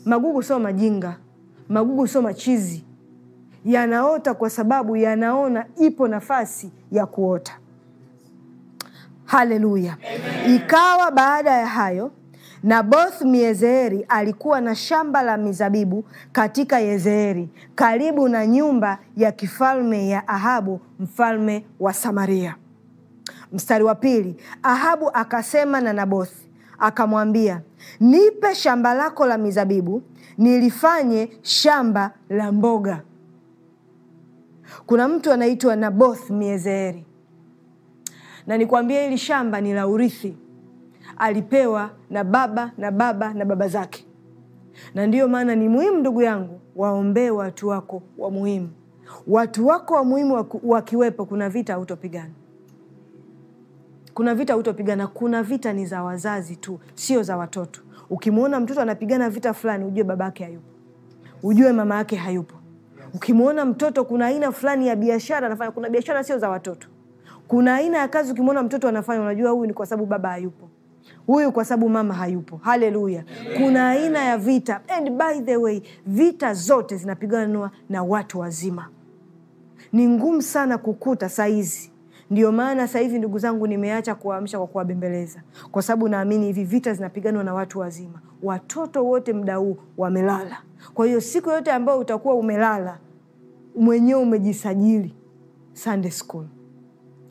Magugu sio majinga, magugu sio machizi, yanaota kwa sababu yanaona ipo nafasi ya kuota. Haleluya! Ikawa baada ya hayo Naboth Miezeeri alikuwa na shamba la mizabibu katika Yezeeri karibu na nyumba ya kifalme ya Ahabu mfalme wa Samaria. Mstari wa pili, Ahabu akasema na Naboth akamwambia, nipe shamba lako la mizabibu nilifanye shamba la mboga. Kuna mtu anaitwa Naboth Miezeeri, na nikuambie hili shamba ni la urithi alipewa na baba na baba na baba zake. Na ndiyo maana ni muhimu, ndugu yangu, waombee watu wako wa muhimu. Watu wako wa muhimu wakiwepo, kuna vita hautopigana, kuna vita hautopigana. Kuna vita ni za wazazi tu, sio za watoto. Ukimwona mtoto anapigana vita fulani, ujue baba yake hayupo, ujue mama yake hayupo. Ukimwona mtoto kuna aina fulani ya biashara anafanya, kuna biashara sio za watoto. Kuna aina ya kazi, ukimwona mtoto anafanya, unajua huyu ni kwa sababu baba hayupo huyu kwa sababu mama hayupo. Haleluya! Kuna aina ya vita, and by the way, vita zote zinapiganwa na watu wazima. Ni ngumu sana kukuta sahizi ndio maana sahivi hivi ndugu zangu, nimeacha kuwaamsha kwa kuwabembeleza, kwa sababu naamini hivi vita zinapiganwa na watu wazima. Watoto wote mda huu wamelala. Kwa hiyo siku yote ambayo utakuwa umelala mwenyewe, umejisajili Sunday school,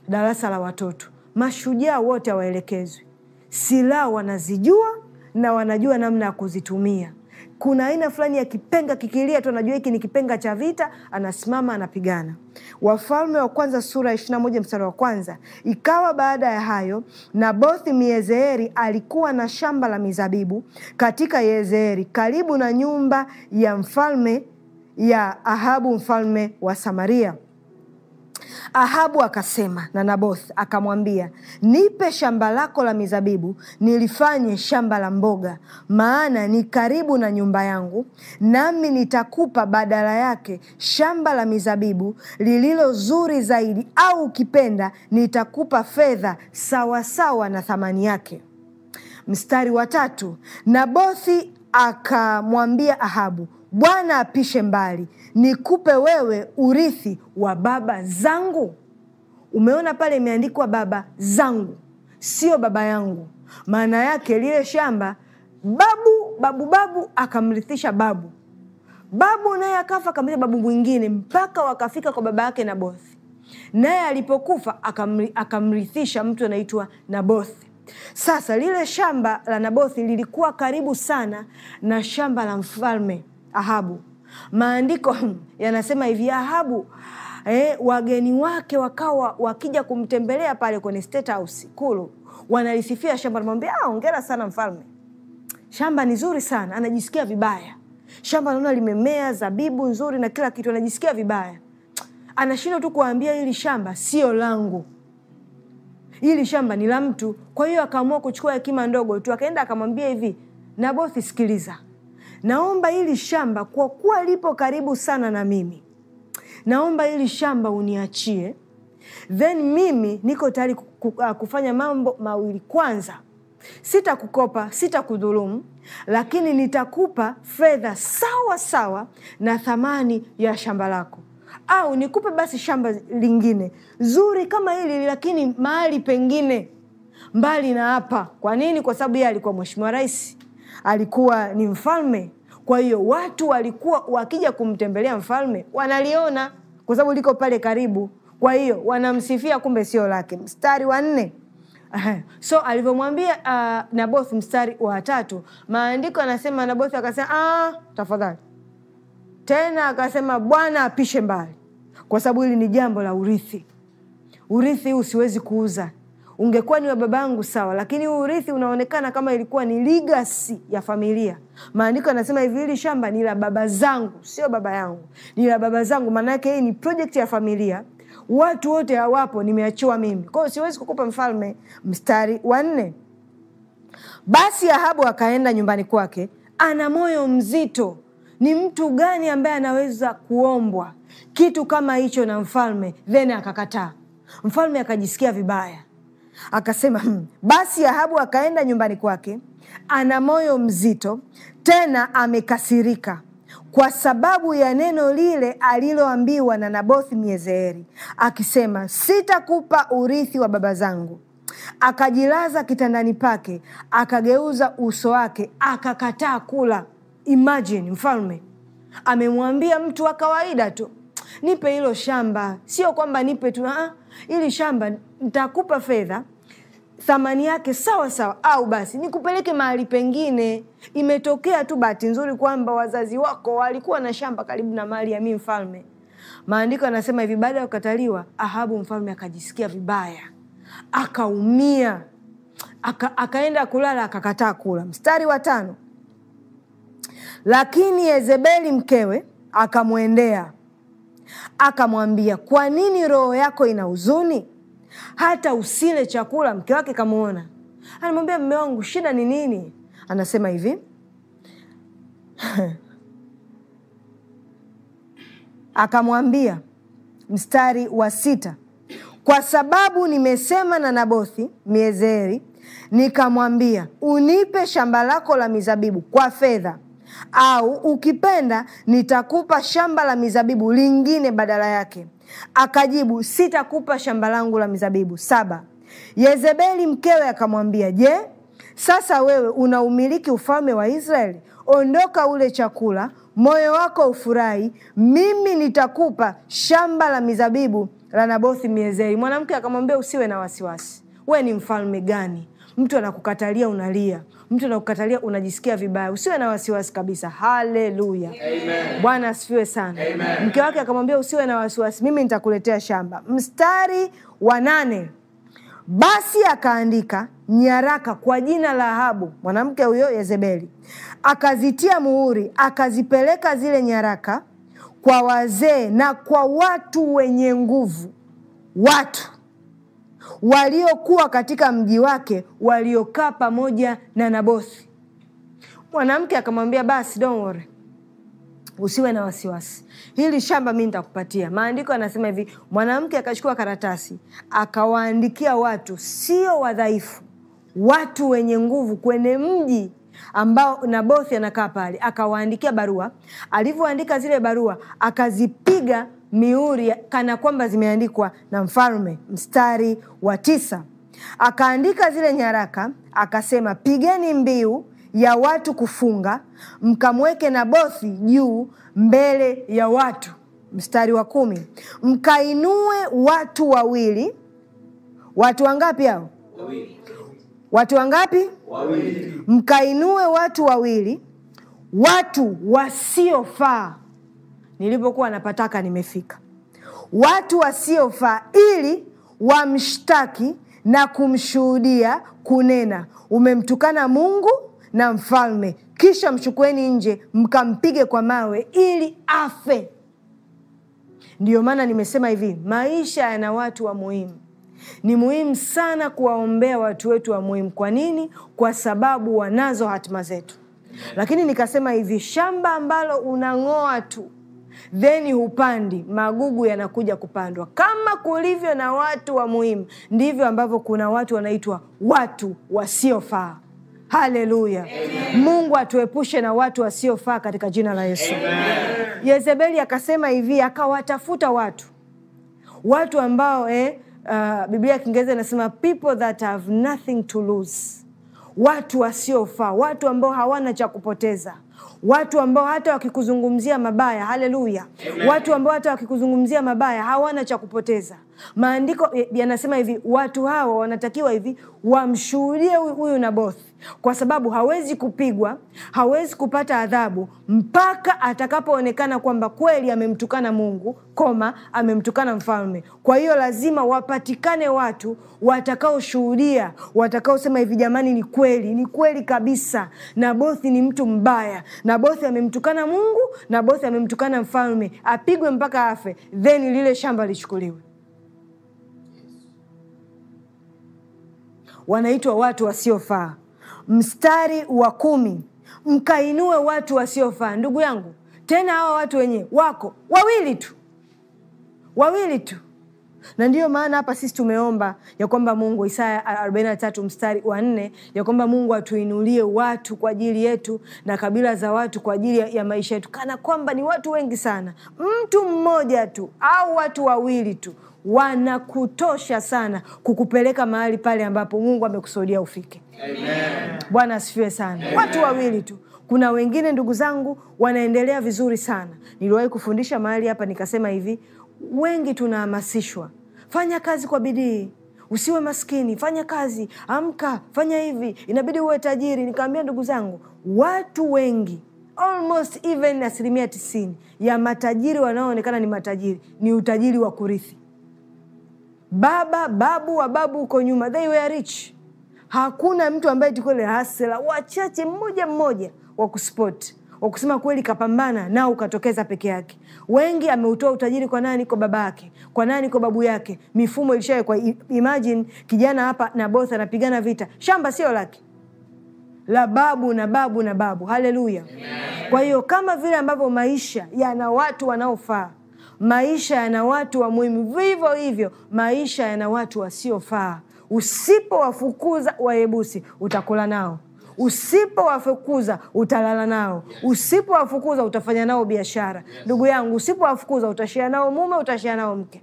darasa la watoto, mashujaa wote hawaelekezwi silaha wanazijua na wanajua namna ya kuzitumia. Kuna aina fulani ya kipenga kikilia tu, anajua hiki ni kipenga cha vita, anasimama anapigana. Wafalme wa Kwanza sura ya ishirini na moja mstari wa kwanza. Ikawa baada ya hayo, Nabothi Miezeeri alikuwa na shamba la mizabibu katika Yezeeri karibu na nyumba ya mfalme ya Ahabu mfalme wa Samaria Ahabu akasema na Naboth akamwambia, nipe shamba lako la mizabibu nilifanye shamba la mboga, maana ni karibu na nyumba yangu, nami nitakupa badala yake shamba la mizabibu lililo zuri zaidi, au ukipenda nitakupa fedha sawasawa na thamani yake. Mstari wa tatu, Nabothi akamwambia Ahabu, Bwana apishe mbali nikupe wewe urithi wa baba zangu. Umeona pale imeandikwa baba zangu, sio baba yangu. Maana yake lile shamba babu babu babu akamrithisha babu, babu naye akafa akamrithi babu mwingine mpaka wakafika kwa baba yake Nabothi, naye alipokufa akamrithisha mtu anaitwa Nabothi. Sasa lile shamba la Nabothi lilikuwa karibu sana na shamba la mfalme Ahabu maandiko yanasema hivi Ahabu eh, wageni wake wakawa wakija kumtembelea pale kwenye State House wanalisifia shamba, namwambia ah, ongera sana mfalme, shamba ni zuri sana. Anajisikia vibaya, shamba naona limemea zabibu nzuri na kila kitu, anajisikia vibaya, anashindwa tu kuwambia hili shamba sio langu hili shamba ni la mtu. Kwa hiyo akaamua kuchukua hekima ndogo tu, akaenda akamwambia hivi Nabothi, sikiliza naomba hili shamba kwa kuwa lipo karibu sana na mimi, naomba hili shamba uniachie, then mimi niko tayari ah, kufanya mambo mawili. Kwanza, sitakukopa, sitakudhulumu, lakini nitakupa fedha sawa sawa na thamani ya shamba lako, au nikupe basi shamba lingine zuri kama hili, lakini mahali pengine mbali na hapa. Kwa nini? Kwa sababu yeye alikuwa mheshimiwa rais alikuwa ni mfalme. Kwa hiyo watu walikuwa wakija kumtembelea mfalme wanaliona kwa sababu liko pale karibu, kwa hiyo wanamsifia, kumbe sio lake. Mstari wa nne so alivyomwambia uh, Naboth, mstari wa tatu, maandiko anasema Naboth akasema ah, tafadhali tena akasema Bwana apishe mbali, kwa sababu hili ni jambo la urithi. Urithi huu siwezi kuuza, ungekuwa ni wa babangu sawa, lakini huu urithi unaonekana kama ilikuwa ni ligasi ya familia. Maandiko yanasema hivi, hili shamba ni la baba zangu, sio baba yangu, ni la baba zangu. Maana yake hii ni projekti ya familia, watu wote hawapo, nimeachiwa mimi. Kwa hiyo siwezi kukupa mfalme. Mstari wa nne, basi Ahabu akaenda nyumbani kwake, ana moyo mzito. Ni mtu gani ambaye anaweza kuombwa kitu kama hicho na mfalme then akakataa? Mfalme akajisikia vibaya Akasema, hmm, basi Ahabu akaenda nyumbani kwake, ana moyo mzito, tena amekasirika kwa sababu ya neno lile aliloambiwa na Nabothi Miezeeri, akisema, sitakupa urithi wa baba zangu. Akajilaza kitandani pake, akageuza uso wake, akakataa kula. Imagine, mfalme amemwambia mtu wa kawaida tu, nipe hilo shamba, sio kwamba nipe tu, ah, ah, hili shamba nitakupa fedha thamani yake sawa sawa, au basi nikupeleke mahali pengine. Imetokea tu bahati nzuri kwamba wazazi wako walikuwa na shamba karibu na mali ya mi mfalme. Maandiko yanasema hivi, baada ya kukataliwa, Ahabu mfalme akajisikia vibaya, akaumia, aka, akaenda kulala, akakataa kula. Mstari wa tano, lakini Yezebeli mkewe akamwendea akamwambia, kwa nini roho yako ina huzuni hata usile chakula. Mke wake kamwona, anamwambia mme wangu, shida ni nini? Anasema hivi akamwambia, mstari wa sita, kwa sababu nimesema na Nabothi Miezeri nikamwambia, unipe shamba lako la mizabibu kwa fedha au ukipenda nitakupa shamba la mizabibu lingine badala yake, Akajibu, sitakupa shamba langu la mizabibu. saba. Yezebeli mkewe akamwambia, je, sasa wewe unaumiliki ufalme wa Israeli? Ondoka ule chakula, moyo wako ufurahi. Mimi nitakupa shamba la mizabibu la Nabothi Miezeri. Mwanamke akamwambia, usiwe na wasiwasi. wee ni mfalme gani? Mtu anakukatalia unalia mtu anakukatalia unajisikia vibaya. Usiwe na wasiwasi kabisa. Haleluya, Bwana asifiwe sana. Amen. Mke wake akamwambia usiwe na wasiwasi, mimi nitakuletea shamba. Mstari wa nane, basi akaandika nyaraka kwa jina la Ahabu mwanamke huyo Yezebeli, akazitia muhuri, akazipeleka zile nyaraka kwa wazee na kwa watu wenye nguvu, watu waliokuwa katika mji wake waliokaa pamoja na Nabothi. Mwanamke akamwambia basi, don't worry, usiwe na wasiwasi, hili shamba mi nitakupatia. Maandiko anasema hivi, mwanamke akachukua karatasi akawaandikia watu, sio wadhaifu, watu wenye nguvu kwenye mji ambao Nabothi anakaa pale, akawaandikia barua. Alivyoandika zile barua akazipiga miuri kana kwamba zimeandikwa na mfalme. Mstari wa tisa, akaandika zile nyaraka akasema, pigeni mbiu ya watu kufunga, mkamweke Nabothi juu mbele ya watu. Mstari wa kumi, mkainue watu wawili. Watu wangapi hao? Wawili. Watu wangapi? Wawili. Mkainue watu wawili, watu wasiofaa nilipokuwa napataka nimefika. Watu wasiofaa ili wamshtaki na kumshuhudia kunena, umemtukana Mungu na mfalme, kisha mchukueni nje mkampige kwa mawe ili afe. Ndiyo maana nimesema hivi, maisha yana watu wa muhimu. Ni muhimu sana kuwaombea watu wetu wa muhimu. Kwa nini? Kwa sababu wanazo hatima zetu. Lakini nikasema hivi, shamba ambalo unang'oa tu theni hupandi, magugu yanakuja kupandwa. Kama kulivyo na watu wa muhimu, ndivyo ambavyo kuna watu wanaitwa watu wasiofaa. Haleluya! Mungu atuepushe na watu wasiofaa katika jina la Yesu. Yezebeli akasema hivi, akawatafuta watu watu ambao eh, uh, Biblia ya Kiingereza inasema people that have nothing to lose, watu wasiofaa, watu ambao hawana cha kupoteza watu ambao hata wakikuzungumzia mabaya, haleluya, watu ambao hata wakikuzungumzia mabaya hawana cha kupoteza. Maandiko yanasema hivi, watu hawa wanatakiwa hivi wamshuhudie huyu Nabothi, kwa sababu hawezi kupigwa, hawezi kupata adhabu mpaka atakapoonekana kwamba kweli amemtukana Mungu koma amemtukana mfalme. Kwa hiyo lazima wapatikane watu watakaoshuhudia, watakaosema hivi, jamani, ni kweli, ni kweli kabisa, Nabothi ni mtu mbaya, Nabothi amemtukana Mungu, Nabothi amemtukana mfalme, apigwe mpaka afe, then lile shamba lichukuliwe. wanaitwa watu wasiofaa. Mstari wa kumi, mkainue watu wasiofaa. Ndugu yangu, tena hawa watu wenyewe wako wawili tu, wawili tu na ndiyo maana hapa sisi tumeomba ya kwamba Mungu, Isaya 43 mstari wa nne, ya kwamba Mungu atuinulie watu kwa ajili yetu na kabila za watu kwa ajili ya maisha yetu, kana kwamba ni watu wengi sana, mtu mmoja tu au watu wawili tu wanakutosha sana kukupeleka mahali pale ambapo Mungu amekusudia ufike. Amen. Bwana asifiwe sana. Amen. Watu wawili tu kuna wengine ndugu zangu wanaendelea vizuri sana. Niliwahi kufundisha mahali hapa nikasema hivi, wengi tunahamasishwa, fanya kazi kwa bidii, usiwe maskini, fanya kazi, amka, fanya hivi, inabidi uwe tajiri. Nikamwambia ndugu zangu, watu wengi almost even asilimia tisini ya matajiri wanaoonekana ni matajiri ni utajiri wa kurithi baba babu wa babu huko nyuma, they were rich. Hakuna mtu ambaye tulikuwa ile wachache mmoja mmoja wa kuspot wa kusema kweli kapambana na ukatokeza peke yake. Wengi ameutoa utajiri kwa nani? Kwa baba yake, kwa nani? Kwa babu yake. Mifumo ilishawekwa. Imagine kijana hapa na both anapigana vita, shamba sio lake, la babu na babu na babu. Haleluya! Kwa hiyo kama vile ambavyo maisha yana watu wanaofaa maisha yana watu wa muhimu, vivyo hivyo maisha yana watu wasiofaa. Usipowafukuza Wayebusi utakula nao, usipowafukuza utalala nao, usipowafukuza utafanya nao biashara. Ndugu yangu, usipowafukuza utashia nao mume, utashia nao mke.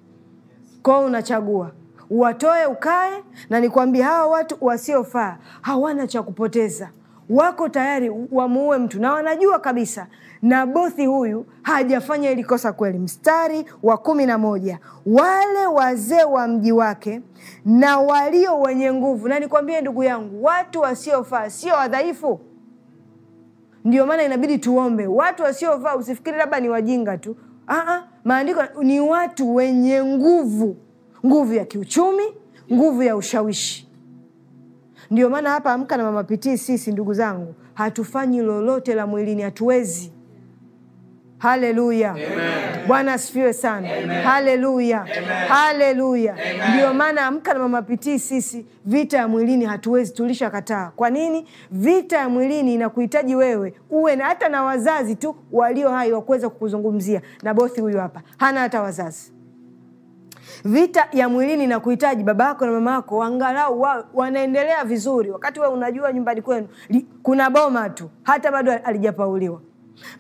Kwao unachagua watoe ukae, na nikuambia hawa watu wasiofaa hawana cha kupoteza, wako tayari wamuue mtu na wanajua kabisa na bothi huyu hajafanya hili kosa kweli. Mstari wa kumi na moja, wale wazee wa mji wake na walio wenye nguvu. Na nikwambie ndugu yangu, watu wasiofaa sio wadhaifu. Ndio maana inabidi tuombe. Watu wasiofaa usifikiri labda ni wajinga tu. maandiko ni watu wenye nguvu, nguvu ya kiuchumi, nguvu ya ushawishi. Ndio maana hapa Amka na Mama Pitii, sisi ndugu zangu, hatufanyi lolote la mwilini, hatuwezi Haleluya! Bwana asifiwe sana. Haleluya, haleluya! Ndiyo maana amka na mamapitii, sisi vita ya mwilini hatuwezi, tulishakataa. Kwa nini? Vita ya mwilini inakuhitaji wewe uwe na hata na wazazi tu walio hai wakuweza kukuzungumzia. Na bothi huyu hapa hana hata wazazi. Vita ya mwilini inakuhitaji baba yako na mama yako angalau wa, wanaendelea vizuri, wakati wewe unajua nyumbani kwenu kuna boma tu, hata bado alijapauliwa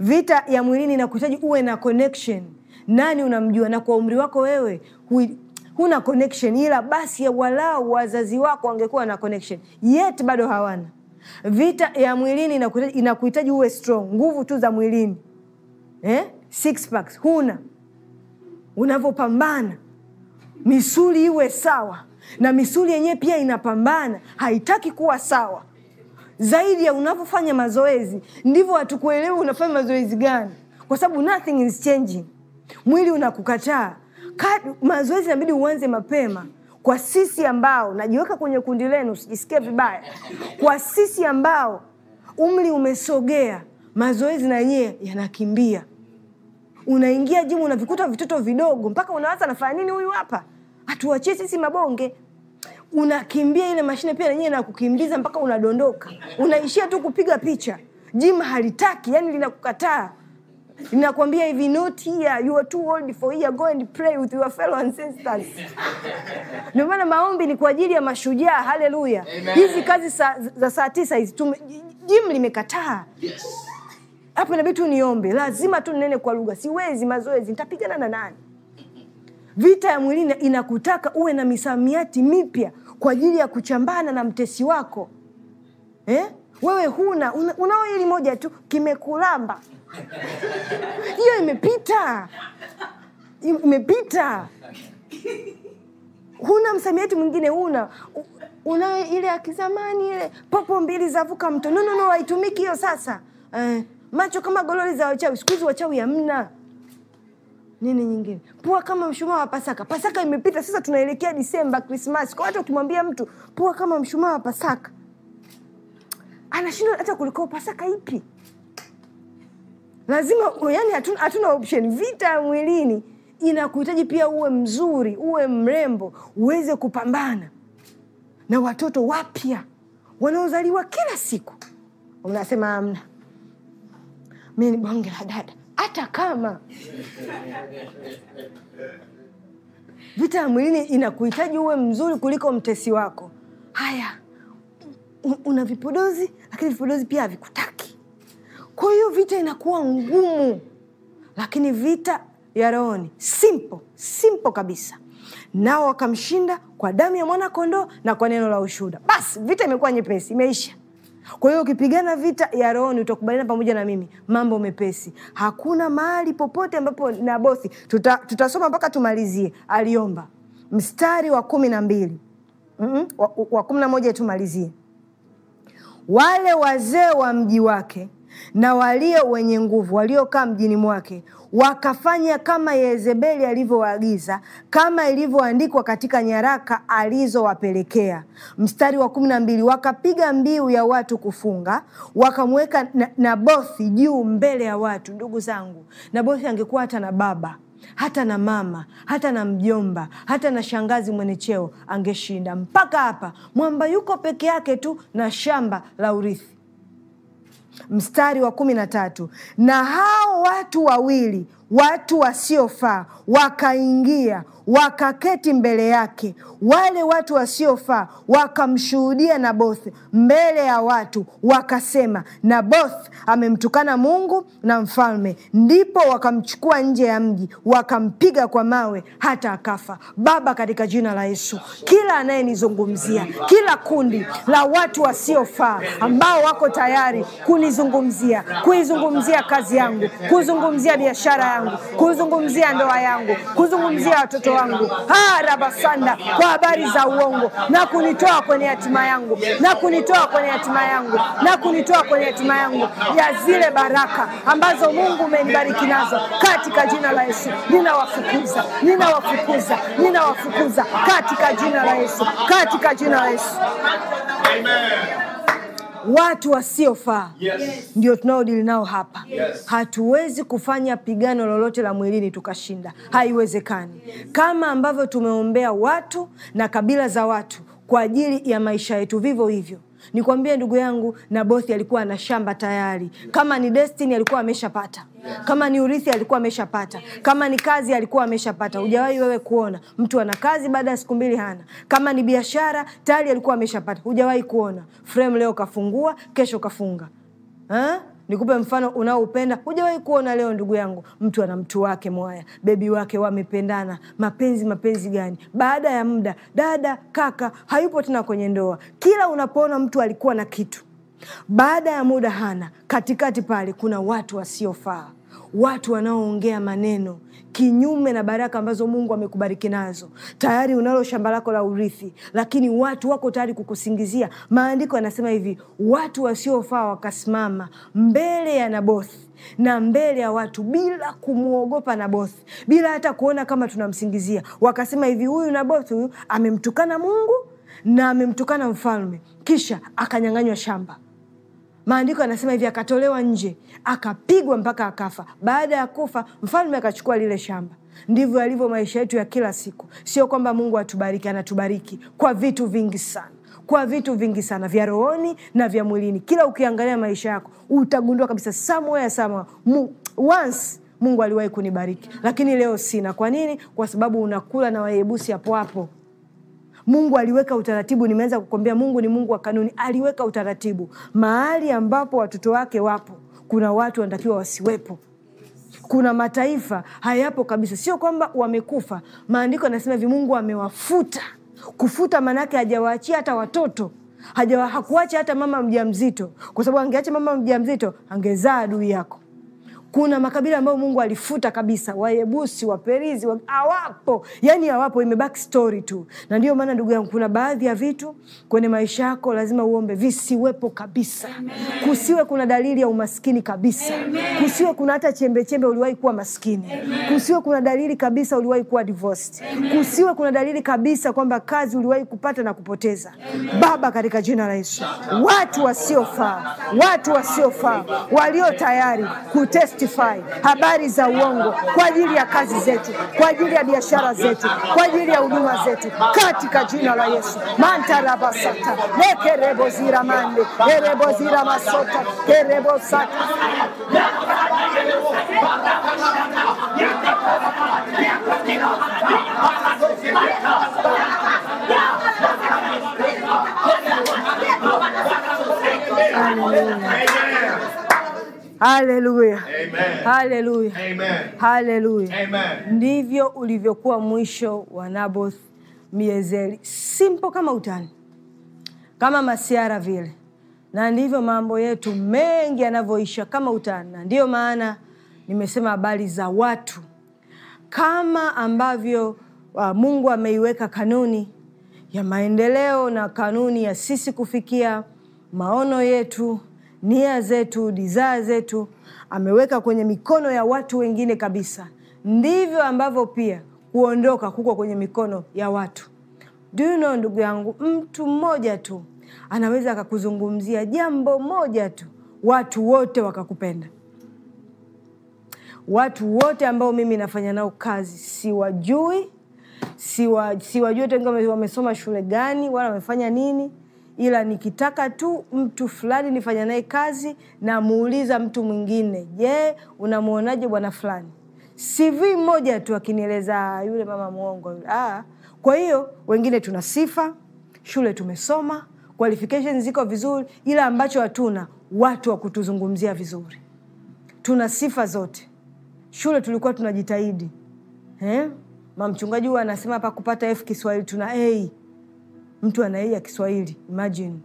vita ya mwilini inakuhitaji uwe na connection nani unamjua na kwa umri wako wewe hui, huna connection ila basi walau wazazi wako wangekuwa na connection yet bado hawana vita ya mwilini inakuhitaji uwe strong nguvu tu za mwilini eh? Six packs huna unavyopambana misuli iwe sawa na misuli yenyewe pia inapambana haitaki kuwa sawa zaidi ya unavyofanya mazoezi ndivyo hatukuelewi unafanya mazoezi gani, kwa sababu nothing is changing, mwili unakukataa. Mazoezi inabidi uanze mapema. Kwa sisi ambao, najiweka kwenye kundi lenu, usijisikie vibaya. Kwa sisi ambao umri umesogea, mazoezi na yenyewe yanakimbia. Unaingia jimu, unavikuta vitoto vidogo, mpaka unawaza nafanya nini huyu hapa. Hatuachie sisi mabonge unakimbia ile mashine pia yenyewe nakukimbiza mpaka unadondoka, unaishia tu kupiga picha. Gym halitaki yani, linakukataa linakwambia hivi, not here, you are too old for here, go and pray with your fellow ancestors. Ndio maana maombi ni kwa ajili ya mashujaa. Haleluya! hizi kazi sa, za saa tisa hizi Jim limekataa yes. Hapo inabidi tu niombe, lazima tu nnene kwa lugha, siwezi mazoezi, nitapigana na nani? vita ya mwilini inakutaka uwe na misamiati mipya kwa ajili ya kuchambana na mtesi wako eh? wewe huna una, unao hili moja tu kimekulamba hiyo imepita imepita huna msamiati mwingine huna una ile akizamani ile popo mbili zavuka mto nonono haitumiki no, hiyo sasa eh, macho kama gololi za wachawi sikuhizi wachawi hamna nini nyingine pua kama mshumaa wa Pasaka. Pasaka imepita, sasa tunaelekea Disemba, krismas Kwa hata ukimwambia mtu pua kama mshumaa wa Pasaka, anashindwa hata kulikoa Pasaka ipi? Lazima yani, hatuna, hatuna option. Vita ya mwilini inakuhitaji pia uwe mzuri, uwe mrembo, uweze kupambana na watoto wapya wanaozaliwa kila siku. Unasema amna, mi ni bonge la dada hata kama vita ya mwilini inakuhitaji uwe mzuri kuliko mtesi wako. Haya, una vipodozi lakini vipodozi pia havikutaki. Kwa hiyo vita inakuwa ngumu, lakini vita ya rohoni simpo simpo kabisa. Nao wakamshinda kwa damu ya mwana kondoo na kwa neno la ushuda Basi vita imekuwa nyepesi, imeisha. Kwa hiyo ukipigana vita ya rohoni utakubaliana pamoja na mimi, mambo mepesi. Hakuna mahali popote ambapo Nabothi, tuta, tutasoma mpaka tumalizie, aliomba mstari wa kumi na mbili mm-hmm. wa, wa kumi na moja tumalizie. Wale wazee wa mji wake na walio wenye nguvu waliokaa mjini mwake wakafanya kama Yezebeli alivyoagiza, kama ilivyoandikwa katika nyaraka alizowapelekea. Mstari wa kumi na mbili wakapiga mbiu ya watu kufunga, wakamweka na na juu mbele ya watu. Ndugu zangu, na bothi angekuwa hata na baba hata na mama hata na mjomba hata na shangazi mwenye cheo angeshinda. Mpaka hapa mwamba yuko peke yake tu na shamba la urithi mstari wa kumi na tatu na hao watu wawili watu wasiofaa wakaingia wakaketi mbele yake. Wale watu wasiofaa wakamshuhudia Naboth mbele ya watu, wakasema, Naboth amemtukana Mungu na mfalme. Ndipo wakamchukua nje ya mji, wakampiga kwa mawe hata akafa. Baba, katika jina la Yesu, kila anayenizungumzia, kila kundi la watu wasiofaa ambao wako tayari kunizungumzia, kuizungumzia kazi yangu, kuzungumzia biashara yangu, kuzungumzia ndoa yangu, kuzungumzia watoto wangu harabasanda kwa habari za uongo na kunitoa kwenye hatima yangu na kunitoa kwenye hatima yangu na kunitoa kwenye hatima yangu ya zile baraka ambazo Mungu umenibariki nazo, katika jina la Yesu ninawafukuza, ninawafukuza, ninawafukuza katika jina la Yesu, katika jina la Yesu. Amen watu wasiofaa yes. Ndio tunaodili nao hapa yes. Hatuwezi kufanya pigano lolote la mwilini tukashinda, haiwezekani yes. Kama ambavyo tumeombea watu na kabila za watu kwa ajili ya maisha yetu, vivyo hivyo nikwambie ndugu yangu, Nabothi alikuwa na shamba tayari, kama ni destini alikuwa ameshapata. Kama ni urithi alikuwa ameshapata, kama ni kazi alikuwa ameshapata. Hujawahi wewe kuona mtu ana kazi baada ya siku mbili hana? Kama ni biashara tayari alikuwa ameshapata. Hujawahi kuona frame, leo kafungua, kesho kafunga ha? Nikupe mfano unaoupenda. Hujawahi kuona leo, ndugu yangu, mtu ana mtu wake mwaya, bebi wake wamependana, mapenzi mapenzi gani? Baada ya muda, dada kaka hayupo tena kwenye ndoa. Kila unapoona mtu alikuwa na kitu baada ya muda Hana, katikati pale kuna watu wasiofaa, watu wanaoongea maneno kinyume na baraka ambazo Mungu amekubariki nazo. Tayari unalo shamba lako la urithi, lakini watu wako tayari kukusingizia. Maandiko yanasema hivi, watu wasiofaa wakasimama mbele ya Nabothi na mbele ya watu bila kumwogopa Nabothi, bila hata kuona kama tunamsingizia. Wakasema hivi, huyu Nabothi huyu amemtukana Mungu na amemtukana mfalme, kisha akanyang'anywa shamba maandiko yanasema hivi, akatolewa nje akapigwa mpaka akafa. Baada ya kufa, mfalme akachukua lile shamba. Ndivyo yalivyo maisha yetu ya kila siku. Sio kwamba Mungu atubariki, anatubariki kwa vitu vingi sana kwa vitu vingi sana vya rohoni na vya mwilini. Kila ukiangalia maisha yako utagundua kabisa somewhere, somewhere, once Mungu aliwahi kunibariki, lakini leo sina. Kwa nini? Kwa sababu unakula na Wayebusi hapo hapo. Mungu aliweka utaratibu. Nimeanza kukwambia Mungu ni Mungu wa kanuni, aliweka utaratibu. Mahali ambapo watoto wake wapo, kuna watu wanatakiwa wasiwepo kuna mataifa hayapo kabisa. Sio kwamba wamekufa, maandiko yanasema hivi, Mungu amewafuta. Kufuta maanaake hajawaachia hata watoto hajawa, hakuacha hata mama mja mzito, kwa sababu angeacha mama mja mzito angezaa adui yako kuna makabila ambayo mungu alifuta kabisa wayebusi waperizi wa... yani hawapo imebaki tu na ndio maana ndugu yangu kuna baadhi ya vitu kwenye maisha yako lazima uombe visiwepo kabisa Amen. kusiwe kuna dalili ya umaskini kabisa Amen. kusiwe kuna hata chembechembe uliwahi kuwa maskini Amen. kusiwe kuna dalili kabisa uliwahi kuwa divorced Amen. kusiwe kuna dalili kabisa kwamba kazi uliwahi kupata na kupoteza Amen. baba katika jina la yesu watu wasiofaa watu wasiofaa walio tayari kutesti hatifai, habari za uongo kwa ajili ya kazi zetu, kwa ajili ya biashara zetu, kwa ajili ya huduma zetu, katika jina la Yesu. mantarabasata lekereboziramande masota kerebosata Amen. Haleluya, haleluya, haleluya! Ndivyo ulivyokuwa mwisho wa Naboth Miezeri, simpo kama utani, kama masiara vile, na ndivyo mambo yetu mengi yanavyoisha kama utani. Na ndiyo maana nimesema habari za watu kama ambavyo wa uh, Mungu ameiweka kanuni ya maendeleo na kanuni ya sisi kufikia maono yetu nia zetu, dizaa zetu, ameweka kwenye mikono ya watu wengine kabisa. Ndivyo ambavyo pia kuondoka kuko kwenye mikono ya watu. Do you know, ndugu yangu, mtu mmoja tu anaweza akakuzungumzia jambo moja tu, watu wote wakakupenda. Watu wote ambao mimi nafanya nao kazi siwajui, siwajui hata wamesoma shule gani wala wamefanya nini, ila nikitaka tu mtu fulani nifanya naye kazi, namuuliza mtu mwingine, je, unamwonaje bwana fulani? CV moja tu akinieleza yule mama mwongo Ah, kwa hiyo wengine tuna sifa, shule tumesoma, qualifications ziko vizuri, ila ambacho hatuna watu wa kutuzungumzia vizuri. Tuna sifa zote, shule tulikuwa tunajitahidi eh? Mamchungaji huwa anasema pa kupata F Kiswahili tuna A hey mtu ana yeye ya Kiswahili imagine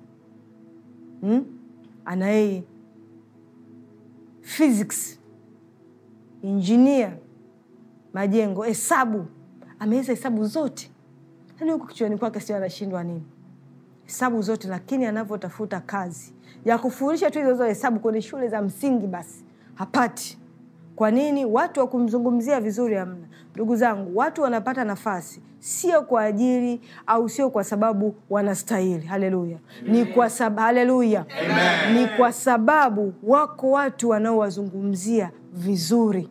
hmm? ana yeye physics injinia majengo hesabu, ameweza hesabu zote, yani huku kichwani kwake sio anashindwa nini, hesabu zote, lakini anavyotafuta kazi ya kufundisha tu hizo hesabu kwenye shule za msingi, basi hapati. Kwa nini watu wa kumzungumzia vizuri hamna? Ndugu zangu, watu wanapata nafasi sio kwa ajili au sio kwa sababu wanastahili. Haleluya, ni kwa sababu haleluya, ni kwa sababu wako watu wanaowazungumzia vizuri,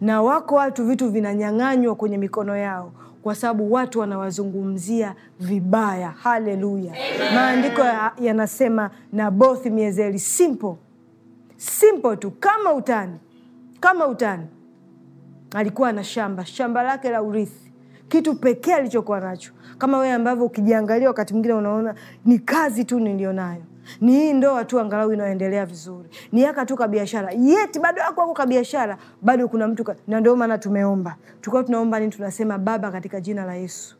na wako watu vitu vinanyang'anywa kwenye mikono yao kwa sababu watu wanawazungumzia vibaya. Haleluya, maandiko yanasema Nabothi Miezeli, simple simple tu kama utani kama utani. Alikuwa na shamba, shamba lake la urithi, kitu pekee alichokuwa nacho, kama wewe ambavyo ukijiangalia wakati mwingine unaona ni kazi tu nilionayo ni hii ndoa tu angalau inaendelea vizuri, ni yaka tu kabiashara yeti bado yako ako kabiashara bado kuna mtu ka... na ndio maana tumeomba, tukawa tunaomba nini? Tunasema Baba, katika jina la Yesu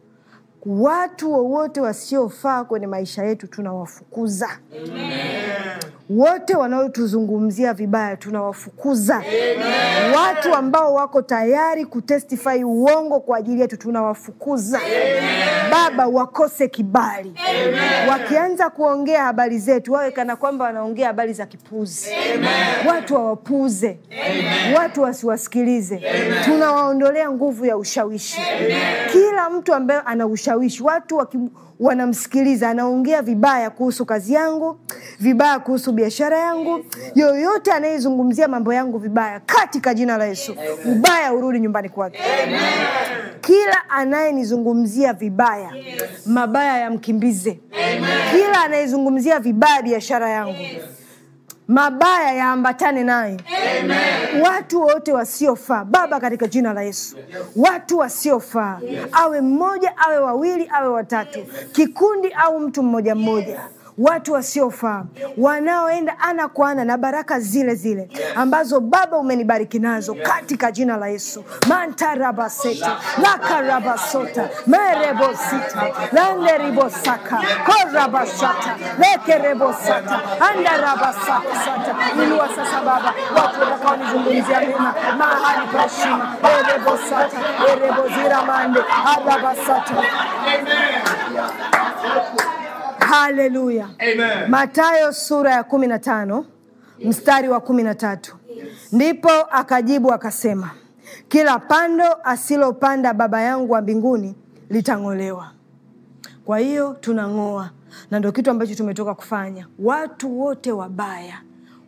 watu wowote wasiofaa kwenye maisha yetu tunawafukuza. Amen. Wote wanaotuzungumzia vibaya tunawafukuza. Amen. Watu ambao wako tayari kutestify uongo kwa ajili yetu tunawafukuza. Amen. Baba, wakose kibali. Amen. Wakianza kuongea habari zetu wawe kana kwamba wanaongea habari za kipuzi. Amen. Watu wawapuze Amen. Watu wasiwasikilize. Tunawaondolea nguvu ya ushawishi. Amen. Kila mtu ambaye ana ushawishi, watu wakim, wanamsikiliza anaongea vibaya kuhusu kazi yangu, vibaya kuhusu biashara yangu, yoyote anayezungumzia mambo yangu vibaya, katika jina la Yesu ubaya urudi nyumbani kwake. Kila anayenizungumzia vibaya, mabaya yamkimbize. Kila anayezungumzia vibaya biashara yangu mabaya yaambatane naye. Watu wote wasiofaa Baba, katika jina la Yesu, watu wasiofaa Awe mmoja, awe wawili, awe watatu, kikundi au mtu mmoja mmoja watu wasiofaa wanaoenda ana kwa ana na baraka zile zile ambazo Baba umenibariki nazo katika jina la Yesu. mantarabaseta lakarabasota merebosita landeribosaka korabasata lekerebosata andarabasata iliwa sasa Baba watu watakaonizungumzia mema mahali pashima erebosata erebozira mande arabasata haleluya matayo sura ya kumi na tano mstari wa kumi na tatu ndipo akajibu akasema kila pando asilopanda baba yangu wa mbinguni litang'olewa kwa hiyo tunang'oa na ndo kitu ambacho tumetoka kufanya watu wote wabaya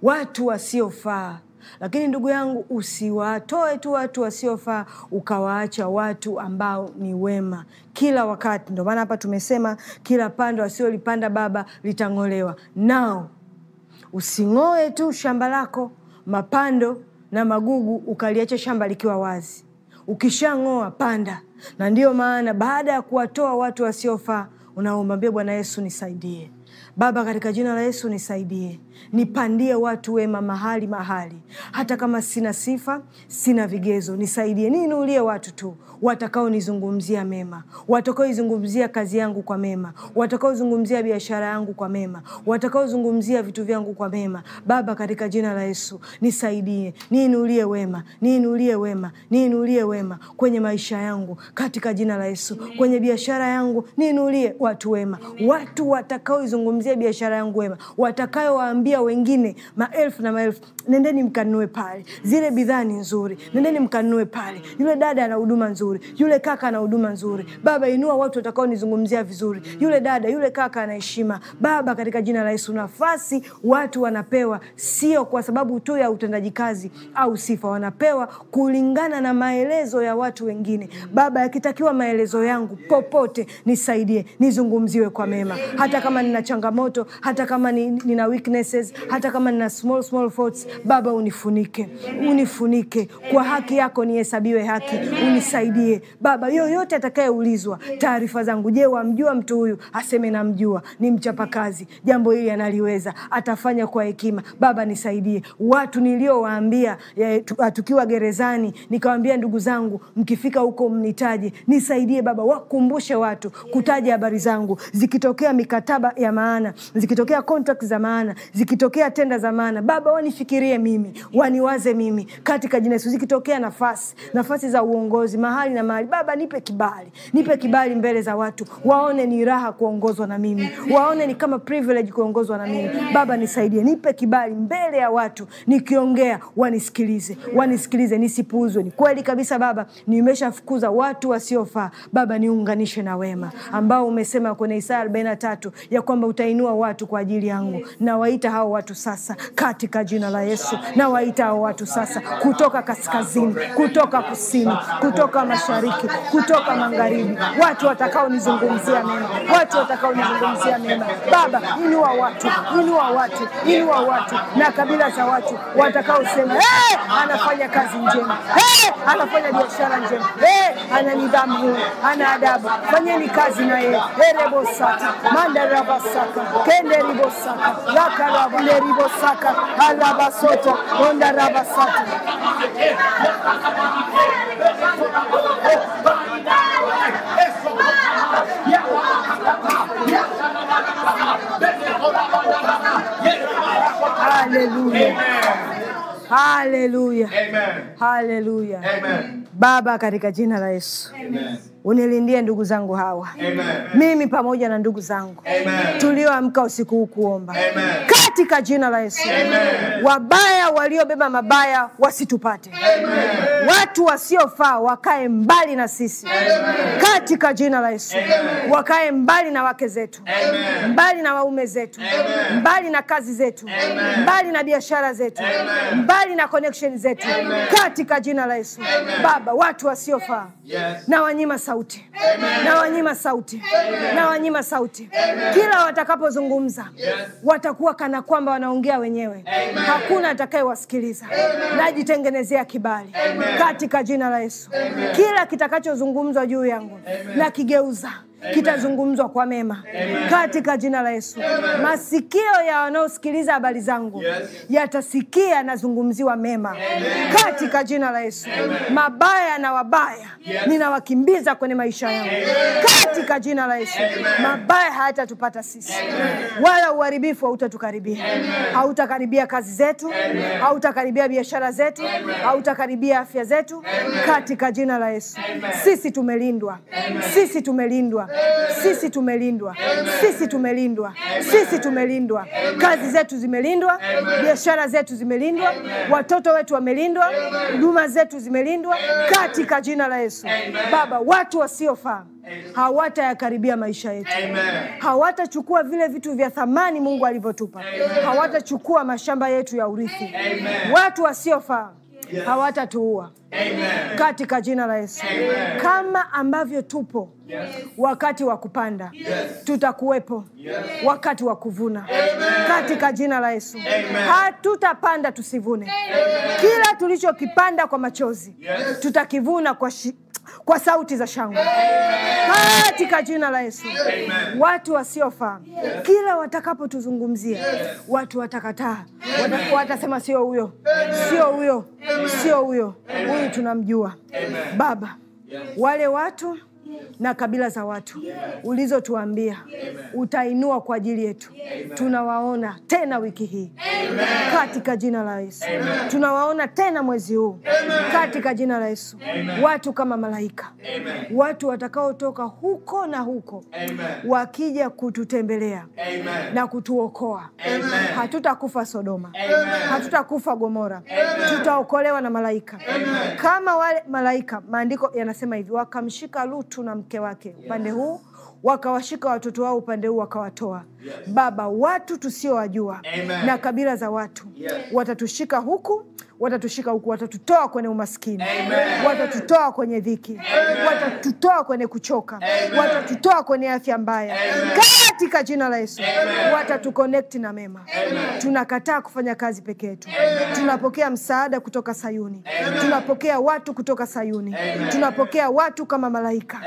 watu wasiofaa lakini ndugu yangu, usiwatoe tu watu wasiofaa ukawaacha watu ambao ni wema kila wakati. Ndio maana hapa tumesema kila pando asiolipanda Baba litang'olewa. Nao using'oe tu shamba lako mapando na magugu ukaliacha shamba likiwa wazi. Ukishang'oa panda. Na ndiyo maana baada ya kuwatoa watu wasiofaa unaomwambia Bwana Yesu, nisaidie Baba, katika jina la Yesu nisaidie Nipandie watu wema mahali mahali, hata kama sina sifa, sina vigezo, nisaidie, niinulie watu tu watakaonizungumzia mema, watakaoizungumzia kazi yangu kwa mema, watakaozungumzia biashara yangu kwa mema, watakaozungumzia vitu vyangu kwa mema. Baba, katika jina la Yesu nisaidie, niinulie wema, niinulie wema, niinulie wema kwenye maisha yangu, katika jina la Yesu. Kwenye biashara yangu niinulie watu wema, watu watakaoizungumzia biashara yangu wema, watakayowaambia kuwasaidia wengine maelfu na maelfu. Nendeni mkanunue pale, zile bidhaa ni nzuri, nendeni mkanunue pale. Yule dada ana huduma nzuri, yule kaka ana huduma nzuri. Baba, inua watu watakaonizungumzia vizuri, yule dada, yule kaka ana heshima. Baba, katika jina la Yesu, nafasi watu wanapewa sio kwa sababu tu ya utendaji kazi au sifa, wanapewa kulingana na maelezo ya watu wengine. Baba, yakitakiwa maelezo yangu popote, nisaidie, nizungumziwe kwa mema, hata kama nina changamoto, hata kama nina weaknesses weaknesses, hata kama nina small small faults, Baba unifunike, unifunike kwa haki yako, nihesabiwe haki, unisaidie Baba. Yoyote atakayeulizwa taarifa zangu, je, wamjua mtu huyu, aseme namjua, ni mchapakazi, jambo hili analiweza, atafanya kwa hekima. Baba nisaidie. Watu niliowaambia ah, tukiwa gerezani, nikawambia ndugu zangu, mkifika huko mnitaje, nisaidie Baba, wakumbushe watu kutaja habari zangu, zikitokea mikataba ya maana, zikitokea za maana, zikitokea tenda za maana, Baba wanifikirie mimi, waniwaze mimi katika jina Yesu. Zikitokea nafasi nafasi za uongozi mahali na mahali, Baba nipe kibali, nipe kibali mbele za watu, waone ni raha kuongozwa na mimi, waone ni kama privilege kuongozwa na mimi. Baba nisaidie, nipe kibali mbele ya watu, nikiongea wanisikilize, wanisikilize, nisipuuzwe. Ni kweli kabisa Baba, nimeshafukuza watu wasiofaa. Baba niunganishe na wema ambao umesema kwenye Isaya 43 ya kwamba utainua watu kwa ajili yangu, nawaita nawaita hao watu sasa katika jina la Yesu, nawaita hao watu sasa kutoka kaskazini, kutoka kusini, kutoka mashariki, kutoka magharibi, watu watakaonizungumzia mema, watu watakaonizungumzia mema. Baba, inua watu, inua watu, inua watu na kabila za watu watakaosema, hey, anafanya kazi njema, hey, anafanya biashara njema, hey, ana nidhamu huyu, ana adabu. Fanyeni kazi na yeye erebosata mandarabasaka kenderibosaka lakara leribosaka alabasoto ondarabasata Haleluya. Haleluya. Haleluya. Baba katika jina la Yesu. Amen unilindie ndugu zangu hawa Amen. mimi pamoja na ndugu zangu tulioamka usiku huu kuomba Amen. katika jina la Yesu Amen. wabaya waliobeba mabaya wasitupate Amen. watu wasiofaa wakae mbali na sisi Amen. katika jina la Yesu Amen. wakae mbali na wake zetu Amen. mbali na waume zetu Amen. mbali na kazi zetu Amen. mbali na biashara zetu Amen. mbali na connection zetu Amen. katika jina la Yesu Amen. Baba, watu wasiofaa yes. na wanyima sauti na wanyima sauti na wanyima sauti Amen. Kila watakapozungumza yes. watakuwa kana kwamba wanaongea wenyewe Amen. Hakuna atakayewasikiliza najitengenezea kibali Amen. Katika jina la Yesu Amen. Kila kitakachozungumzwa juu yangu nakigeuza kitazungumzwa kwa mema katika jina la Yesu. Amen. Masikio ya wanaosikiliza habari zangu yes, yatasikia nazungumziwa mema Amen, katika jina la Yesu. Amen. Mabaya na wabaya yes, ninawakimbiza kwenye maisha yangu katika jina la Yesu. Amen. Mabaya hayatatupata sisi Amen, wala uharibifu hautatukaribia. Hautakaribia kazi zetu, hautakaribia biashara zetu, hautakaribia afya zetu Amen, katika jina la Yesu. Amen. Sisi tumelindwa Amen, sisi tumelindwa sisi tumelindwa, sisi tumelindwa, sisi tumelindwa, kazi zetu zimelindwa, biashara zetu zimelindwa, watoto wetu wamelindwa, huduma zetu zimelindwa katika jina la Yesu. Baba, watu wasiofaa hawatayakaribia maisha yetu, hawatachukua vile vitu vya thamani Mungu alivyotupa, hawatachukua mashamba yetu ya urithi. Watu wasiofaa hawatatuua katika jina la Yesu. Amen. Kama ambavyo tupo yes. wakati wa kupanda yes. tutakuwepo yes. wakati wa kuvuna katika jina la Yesu. Hatutapanda tusivune. Amen. Kila tulichokipanda kwa machozi yes. tutakivuna kwa shi kwa sauti za shangwe katika jina la Yesu. Amen. Watu wasiofaa kila watakapotuzungumzia watu watakataa, watasema sio huyo, sio huyo, sio huyo, huyu tunamjua. Baba, wale watu na kabila za watu yes. ulizotuambia yes. utainua kwa ajili yetu Amen. tunawaona tena wiki hii katika jina la Yesu tunawaona tena mwezi huu katika jina la Yesu watu kama malaika Amen. watu watakaotoka huko na huko Amen. wakija kututembelea Amen. na kutuokoa hatutakufa Sodoma Amen. hatutakufa Gomora Amen. tutaokolewa na malaika Amen. kama wale malaika maandiko yanasema hivi wakamshika Lutu Yesu na mke wake upande huu, wakawashika watoto wao upande huu wakawatoa. Yes. Baba, watu tusiowajua na kabila za watu yes, watatushika huku watatushika huku, watatutoa kwenye umaskini, watatutoa kwenye dhiki, watatutoa kwenye kuchoka, watatutoa kwenye afya mbaya, katika jina la Yesu. Watatukonekti na mema. Tunakataa kufanya kazi peke yetu, tunapokea msaada kutoka Sayuni, tunapokea watu kutoka Sayuni, tunapokea watu kama malaika.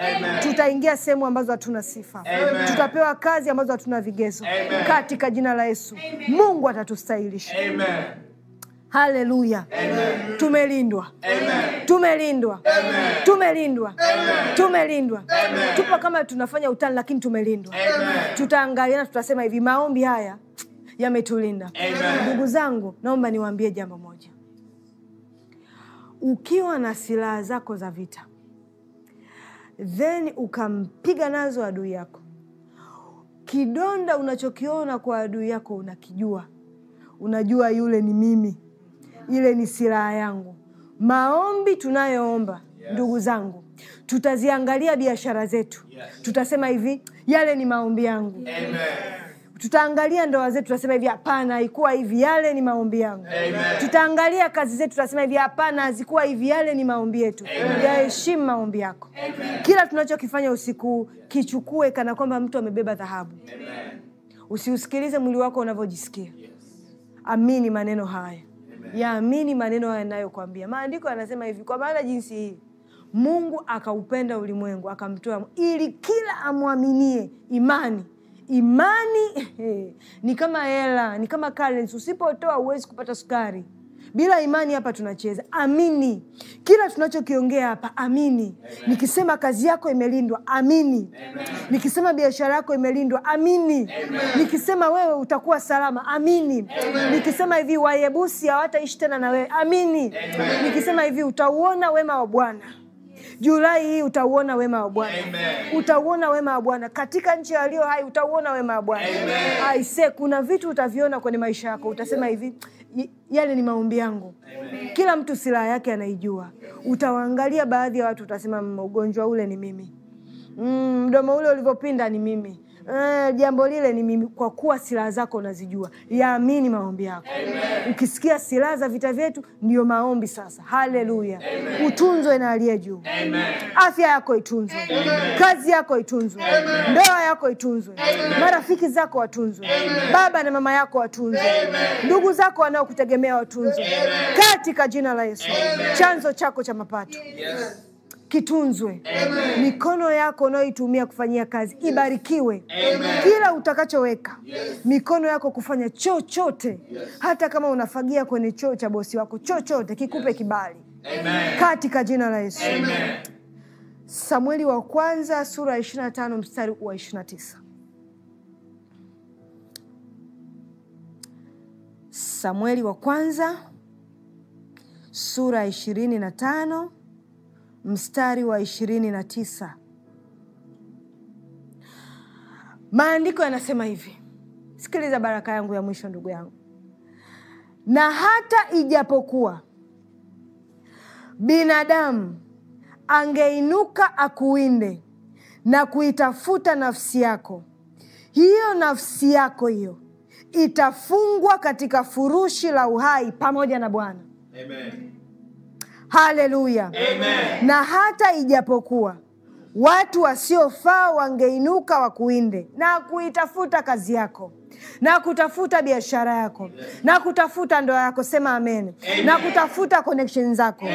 Tutaingia sehemu ambazo hatuna sifa, tutapewa kazi ambazo hatuna vigezo, katika jina la Yesu. Mungu atatustahilisha. Haleluya, tumelindwa, tumelindwa, tumelindwa, tumelindwa. Tupo kama tunafanya utani, lakini tumelindwa. tutaangalia na tutasema hivi, maombi haya yametulinda. Ndugu zangu, naomba niwaambie jambo moja. Ukiwa na silaha zako za vita, then ukampiga nazo adui yako, kidonda unachokiona kwa adui yako unakijua, unajua yule ni mimi ile ni silaha yangu. Maombi tunayoomba yes. Ndugu zangu, tutaziangalia biashara zetu yes. Tutasema hivi yale ni maombi yangu Amen. Tutaangalia ndoa zetu tutasema hivi hapana, haikuwa hivi, yale ni maombi yangu. Tutaangalia kazi zetu tutasema hivi hapana, hazikuwa hivi, yale ni maombi yetu. Yaheshimu maombi yako Amen. Kila tunachokifanya usiku kichukue kana kwamba mtu amebeba dhahabu. Usiusikilize mwili wako unavyojisikia, amini maneno haya yaamini maneno yanayokwambia. Maandiko yanasema hivi, kwa maana jinsi hii Mungu akaupenda ulimwengu akamtoa ili kila amwaminie. Imani imani ni kama hela, ni kama currency. Usipotoa huwezi kupata sukari. Bila imani hapa tunacheza. Amini kila tunachokiongea hapa, amini. Nikisema kazi yako imelindwa, amini. Nikisema biashara yako imelindwa, amini. Nikisema wewe utakuwa salama, amini. Nikisema hivi Wayebusi hawataishi tena na wewe, amini. Nikisema hivi utauona wema wa Bwana. Julai hii utauona wema wa Bwana, utauona wema wa Bwana katika nchi walio hai, utauona wema wa Bwana. Aise, kuna vitu utaviona kwenye maisha yako, utasema hivi yale ni maombi yangu. Kila mtu silaha yake anaijua. Utawaangalia baadhi ya watu, utasema mm, ugonjwa ule ni mimi, mm, mdomo mm, ule ulivyopinda ni mimi, Eh, jambo lile ni mimi, kwa kuwa silaha zako unazijua. Yaamini maombi yako Ukisikia silaha za vita vyetu ndiyo maombi sasa. Haleluya, utunzwe na aliye juu. Afya yako itunzwe, kazi yako itunzwe, ndoa yako itunzwe, marafiki zako watunzwe, baba na mama yako watunzwe, ndugu zako wanaokutegemea watunzwe, katika jina la Yesu, chanzo chako cha mapato yes kitunzwe Amen. Mikono yako unayoitumia kufanyia kazi yes. Ibarikiwe Amen. Kila utakachoweka yes. Mikono yako kufanya chochote yes. Hata kama unafagia kwenye choo cha bosi wako, chochote kikupe yes. kibali Katika jina la Yesu Samueli wa kwanza sura ya 25 mstari wa 29. Samueli wa kwanza sura ya 25 mstari wa ishirini na tisa maandiko yanasema hivi sikiliza baraka yangu ya mwisho ndugu yangu na hata ijapokuwa binadamu angeinuka akuwinde na kuitafuta nafsi yako hiyo nafsi yako hiyo itafungwa katika furushi la uhai pamoja na bwana amen Haleluya! Na hata ijapokuwa watu wasiofaa wangeinuka wakuinde na kuitafuta kazi yako na kutafuta biashara yako na kutafuta ndoa yako, sema amen. Amen. na kutafuta connection zako,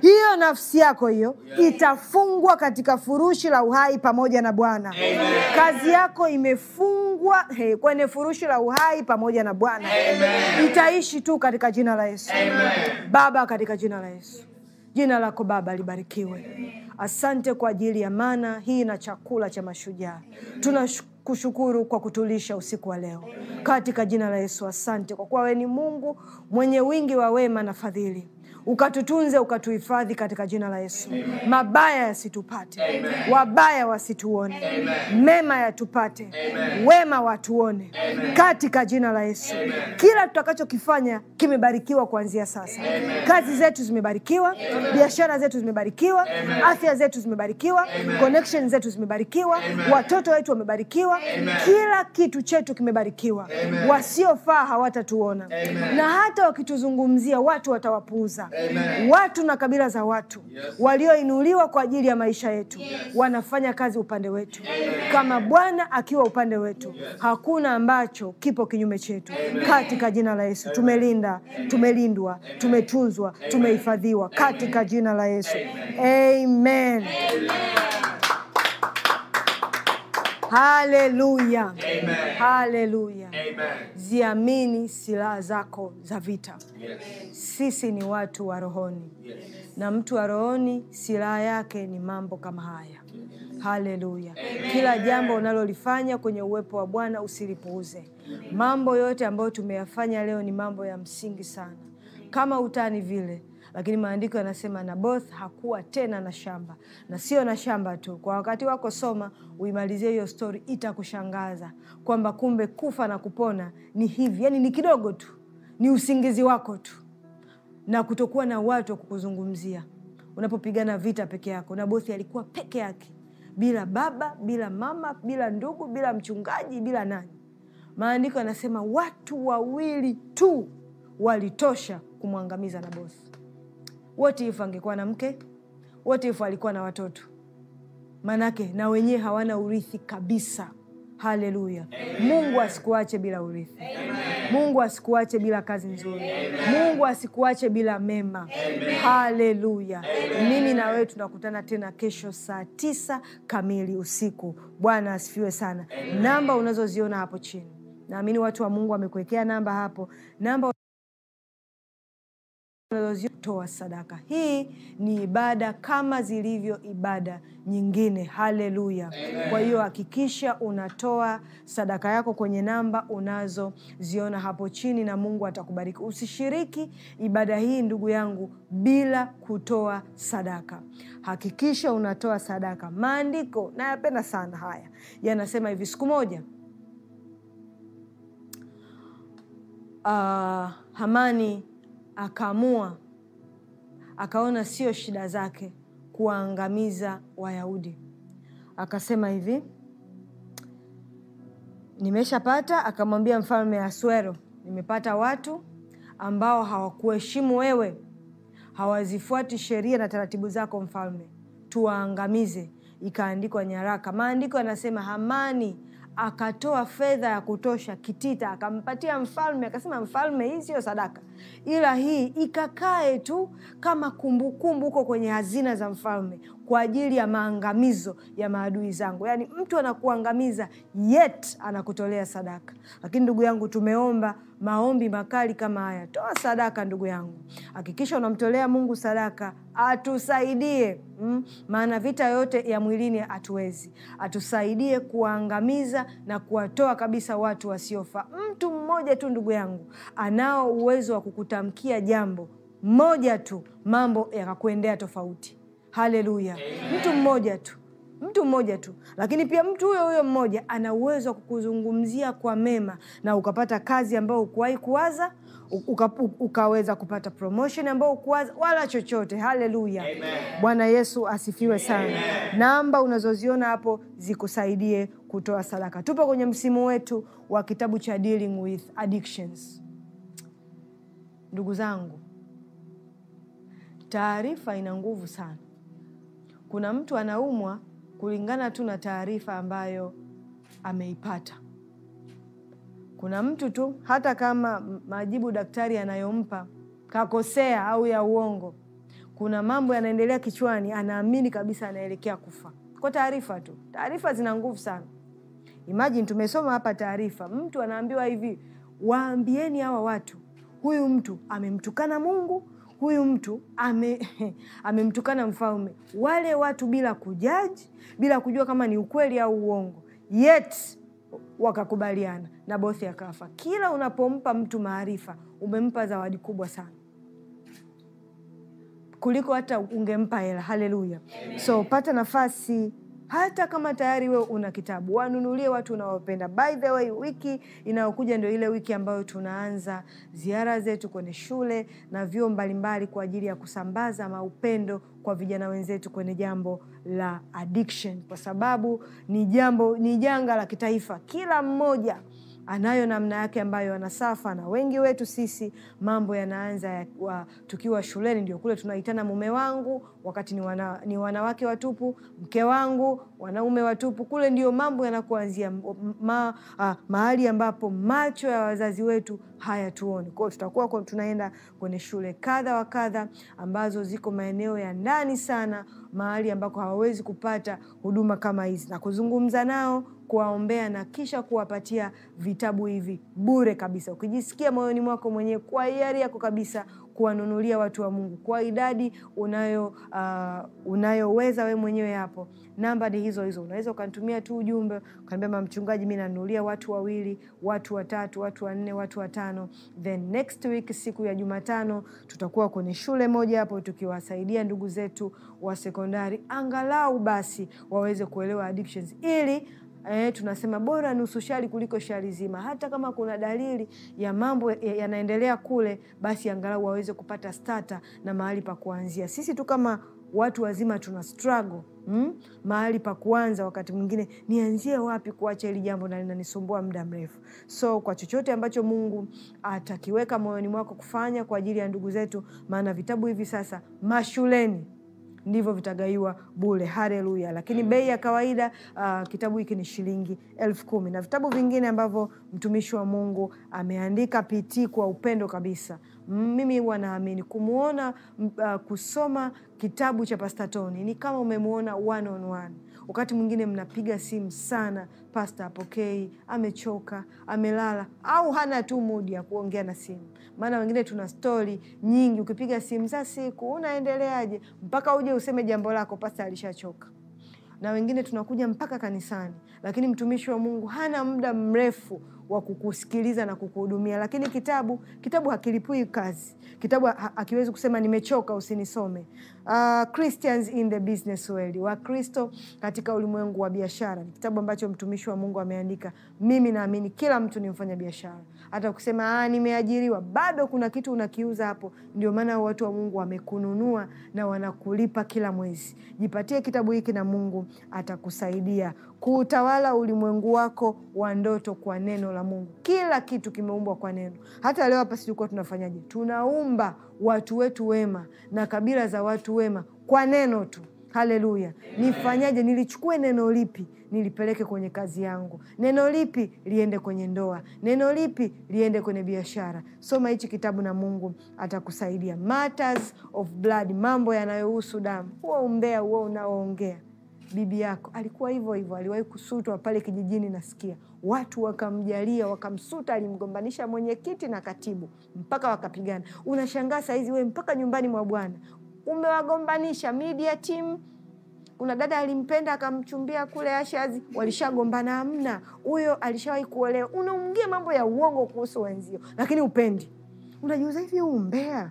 hiyo nafsi yako hiyo itafungwa katika furushi la uhai pamoja na Bwana. Kazi yako imefungwa hey, kwenye furushi la uhai pamoja na Bwana, itaishi tu katika jina la Yesu. Amen. Baba, katika jina la Yesu Jina lako Baba libarikiwe. Asante kwa ajili ya mana hii na chakula cha mashujaa. Tunakushukuru kwa kutulisha usiku wa leo, katika jina la Yesu. Asante kwa kuwa wewe ni Mungu mwenye wingi wa wema na fadhili ukatutunze, ukatuhifadhi katika jina la Yesu. Amen. Mabaya yasitupate. Wabaya wasituone. Amen. Mema yatupate. Wema watuone. Amen. Katika jina la Yesu. Amen. Kila tutakachokifanya kimebarikiwa kuanzia sasa. Amen. Kazi zetu zimebarikiwa, biashara zetu zimebarikiwa, afya zetu zimebarikiwa, connection zetu zimebarikiwa, watoto wetu wamebarikiwa, kila kitu chetu kimebarikiwa. Wasiofaa hawatatuona, na hata wakituzungumzia watu watawapuuza. Amen. Watu na kabila za watu yes, walioinuliwa kwa ajili ya maisha yetu yes, wanafanya kazi upande wetu Amen. Kama Bwana akiwa upande wetu yes, hakuna ambacho kipo kinyume chetu Katika jina la Yesu tumelinda, tumelindwa, tumetunzwa, tumehifadhiwa katika jina la Yesu Amen, Amen. Amen. Haleluya, haleluya. Ziamini silaha zako za vita. Yes. Sisi ni watu wa rohoni. Yes. Na mtu wa rohoni silaha yake ni mambo kama haya. Haleluya! Kila jambo unalolifanya kwenye uwepo wa Bwana usilipuuze. Mambo yote ambayo tumeyafanya leo ni mambo ya msingi sana. Kama utani vile lakini maandiko yanasema Naboth hakuwa tena na shamba, na sio na shamba tu. Kwa wakati wako soma uimalizie hiyo stori, itakushangaza kwamba kumbe kufa na kupona ni hivi, yani ni kidogo tu, ni usingizi wako tu na kutokuwa na watu wa kukuzungumzia unapopigana vita peke yako. Nabothi alikuwa peke yake, bila baba, bila mama, bila ndugu, bila mchungaji, bila nani. Maandiko yanasema watu wawili tu walitosha kumwangamiza Nabothi. What if angekuwa na mke? What if alikuwa na watoto? Maanake na wenyewe hawana urithi kabisa. Haleluya! Mungu asikuache bila urithi. Amen. Mungu asikuache bila kazi nzuri. Amen. Mungu asikuache bila mema. Haleluya! Mimi na wewe tunakutana tena kesho saa tisa kamili usiku. Bwana asifiwe sana. Amen. Namba unazoziona hapo chini, naamini watu wa Mungu wamekuwekea namba hapo, namba toa sadaka. Hii ni ibada kama zilivyo ibada nyingine. Haleluya! Kwa hiyo hakikisha unatoa sadaka yako kwenye namba unazoziona hapo chini, na Mungu atakubariki. Usishiriki ibada hii ndugu yangu bila kutoa sadaka. Hakikisha unatoa sadaka. Maandiko nayapenda sana haya, yanasema hivi: siku moja uh, Hamani akaamua akaona sio shida zake kuwaangamiza Wayahudi. Akasema hivi, nimeshapata. Akamwambia mfalme aswero nimepata watu ambao hawakuheshimu wewe, hawazifuati sheria na taratibu zako mfalme, tuwaangamize. Ikaandikwa nyaraka. Maandiko yanasema Hamani akatoa fedha ya kutosha kitita, akampatia mfalme, akasema, mfalme, hii siyo sadaka, ila hii ikakae tu kama kumbukumbu huko kwenye hazina za mfalme kwa ajili ya maangamizo ya maadui zangu. Yaani mtu anakuangamiza yet anakutolea sadaka. Lakini ndugu yangu, tumeomba maombi makali kama haya. Toa sadaka, ndugu yangu, hakikisha unamtolea Mungu sadaka atusaidie mm, maana vita yote ya mwilini hatuwezi. Atusaidie kuwaangamiza na kuwatoa kabisa watu wasiofaa. Mtu mmoja tu, ndugu yangu, anao uwezo wa kukutamkia jambo moja tu, mambo yakakuendea tofauti. Haleluya! Mtu mmoja tu mtu mmoja tu lakini pia mtu huyo huyo mmoja ana uwezo wa kukuzungumzia kwa mema na ukapata kazi ambayo ukuwahi kuwaza uka, ukaweza kupata promotion ambayo ukuwaza wala chochote haleluya bwana yesu asifiwe sana namba unazoziona hapo zikusaidie kutoa sadaka tupo kwenye msimu wetu wa kitabu cha dealing with addictions ndugu zangu taarifa ina nguvu sana kuna mtu anaumwa kulingana tu na taarifa ambayo ameipata. Kuna mtu tu hata kama majibu daktari anayompa kakosea au ya uongo, kuna mambo yanaendelea kichwani, anaamini kabisa anaelekea kufa kwa taarifa tu. Taarifa zina nguvu sana. Imagine tumesoma hapa taarifa, mtu anaambiwa hivi, waambieni hawa watu, huyu mtu amemtukana Mungu huyu mtu ame amemtukana mfalme, wale watu bila kujaji, bila kujua kama ni ukweli au uongo, yet wakakubaliana na bothi akafa. Kila unapompa mtu maarifa, umempa zawadi kubwa sana kuliko hata ungempa hela. Haleluya! So pata nafasi hata kama tayari wewe una kitabu, wanunulie watu unaopenda By the way, wiki inayokuja ndio ile wiki ambayo tunaanza ziara zetu kwenye shule na vyuo mbalimbali kwa ajili ya kusambaza maupendo kwa vijana wenzetu kwenye jambo la addiction, kwa sababu ni jambo ni janga la kitaifa. Kila mmoja anayo namna yake ambayo anasafa. Na wengi wetu sisi mambo yanaanza ya, wa, tukiwa shuleni, ndio kule tunaitana mume wangu, wakati ni, wana, ni wanawake watupu, mke wangu, wanaume watupu. Kule ndio mambo yanakuanzia ma, ma, mahali ambapo macho ya wazazi wetu hayatuoni. kwao tutakuwa tunaenda kwenye shule kadha wa kadha ambazo ziko maeneo ya ndani sana, mahali ambako hawawezi kupata huduma kama hizi na kuzungumza nao kuwaombea na kisha kuwapatia vitabu hivi bure kabisa, ukijisikia moyoni mwako mwenyewe kwa hiari yako kabisa kuwanunulia watu wa Mungu kwa idadi unayo uh, unayoweza we mwenyewe. Hapo namba ni hizo hizo, unaweza ukanitumia tu ujumbe ukaniambia, mama mchungaji, mi nanunulia watu wawili, watu watatu, watu wanne, watu watano. Then next week siku ya Jumatano tutakuwa kwenye shule moja hapo tukiwasaidia ndugu zetu wa sekondari, angalau basi waweze kuelewa addictions ili Eh, tunasema bora nusu shari kuliko shari zima. Hata kama kuna dalili ya mambo yanaendelea kule, basi angalau waweze kupata stata na mahali pa kuanzia. Sisi tu kama watu wazima tuna struggle mm, mahali pa kuanza. Wakati mwingine nianzie wapi kuacha hili jambo na linanisumbua muda mrefu? So kwa chochote ambacho Mungu atakiweka moyoni mwako kufanya kwa ajili ya ndugu zetu, maana vitabu hivi sasa mashuleni ndivyo vitagaiwa bure. Haleluya! Lakini bei ya kawaida uh, kitabu hiki ni shilingi elfu kumi na vitabu vingine ambavyo mtumishi wa Mungu ameandika pitii kwa upendo kabisa. Mimi huwa naamini kumwona uh, ah, kusoma kitabu cha Pastor Tony ni kama umemwona one on one Wakati mwingine mnapiga simu sana, pasta apokei, amechoka, amelala, au hana tu mudi ya kuongea na simu. Maana wengine tuna stori nyingi, ukipiga simu za siku, unaendeleaje, mpaka uje useme jambo lako, pasta alishachoka na wengine tunakuja mpaka kanisani, lakini mtumishi wa Mungu hana muda mrefu wa kukusikiliza na kukuhudumia. Lakini kitabu kitabu hakilipui kazi, kitabu hakiwezi kusema nimechoka usinisome. Uh, Christians in the Business World, Wakristo katika ulimwengu wa biashara, ni kitabu ambacho mtumishi wa Mungu ameandika. Mimi naamini kila mtu ni mfanya biashara hata kusema ah, nimeajiriwa, bado kuna kitu unakiuza hapo. Ndio maana watu wa Mungu wamekununua na wanakulipa kila mwezi. Jipatie kitabu hiki na Mungu atakusaidia kuutawala ulimwengu wako wa ndoto kwa neno la Mungu. Kila kitu kimeumbwa kwa neno. Hata leo hapa, sijukuwa tunafanyaji tunafanyaje? Tunaumba watu wetu wema na kabila za watu wema kwa neno tu haleluya nifanyaje nilichukue neno lipi nilipeleke kwenye kazi yangu neno lipi liende kwenye ndoa neno lipi liende kwenye biashara soma hichi kitabu na mungu atakusaidia matters of blood mambo yanayohusu damu huo umbea huo unaoongea bibi yako alikuwa hivyo hivyo aliwahi kusutwa pale kijijini nasikia watu wakamjalia wakamsuta alimgombanisha mwenyekiti na katibu mpaka wakapigana unashangaa saizi wewe mpaka nyumbani mwa bwana umewagombanisha media team kuna dada alimpenda akamchumbia kule Ashazi, walishagombana, amna huyo alishawahi kuolewa. Unaongea mambo ya uongo kuhusu wenzio, lakini upendi. Unajiuza hivi, huu mbea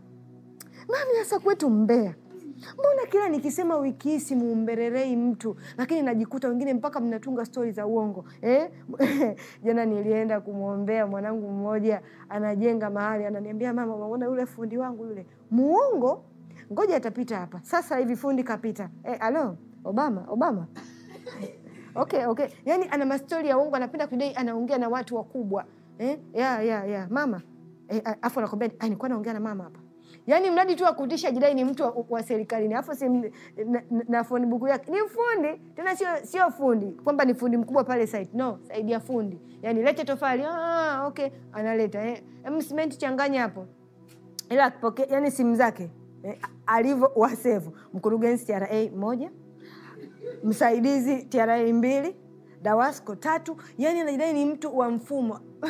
nani hasa kwetu mbea? Mbona kila nikisema wiki hii simuumbererei mtu, lakini najikuta wengine mpaka mnatunga stori za uongo eh? Jana nilienda kumwombea mwanangu mmoja, anajenga mahali, ananiambia mama, unaona yule fundi wangu yule muongo ngoja atapita hapa sasa hivi fundi kapita e, eh, alo obama obama okay okay yani ana mastori ya uongo anapenda kudai anaongea na watu wakubwa eh? yeah, yeah, yeah. mama eh, afu anakwambia nikuwa naongea na mama hapa yaani mradi tu wakutisha jidai ni mtu wa, wa serikalini afu si na, na, na buku yake ni fundi tena sio sio fundi kwamba ni fundi mkubwa pale site no saidia fundi yaani lete tofali ah, okay analeta eh. msimenti changanya hapo ila akipokea yani simu zake eh, alivyo wasevu mkurugenzi TRA moja, msaidizi TRA mbili, Dawasco tatu, yani anajidai ni mtu wa mfumo.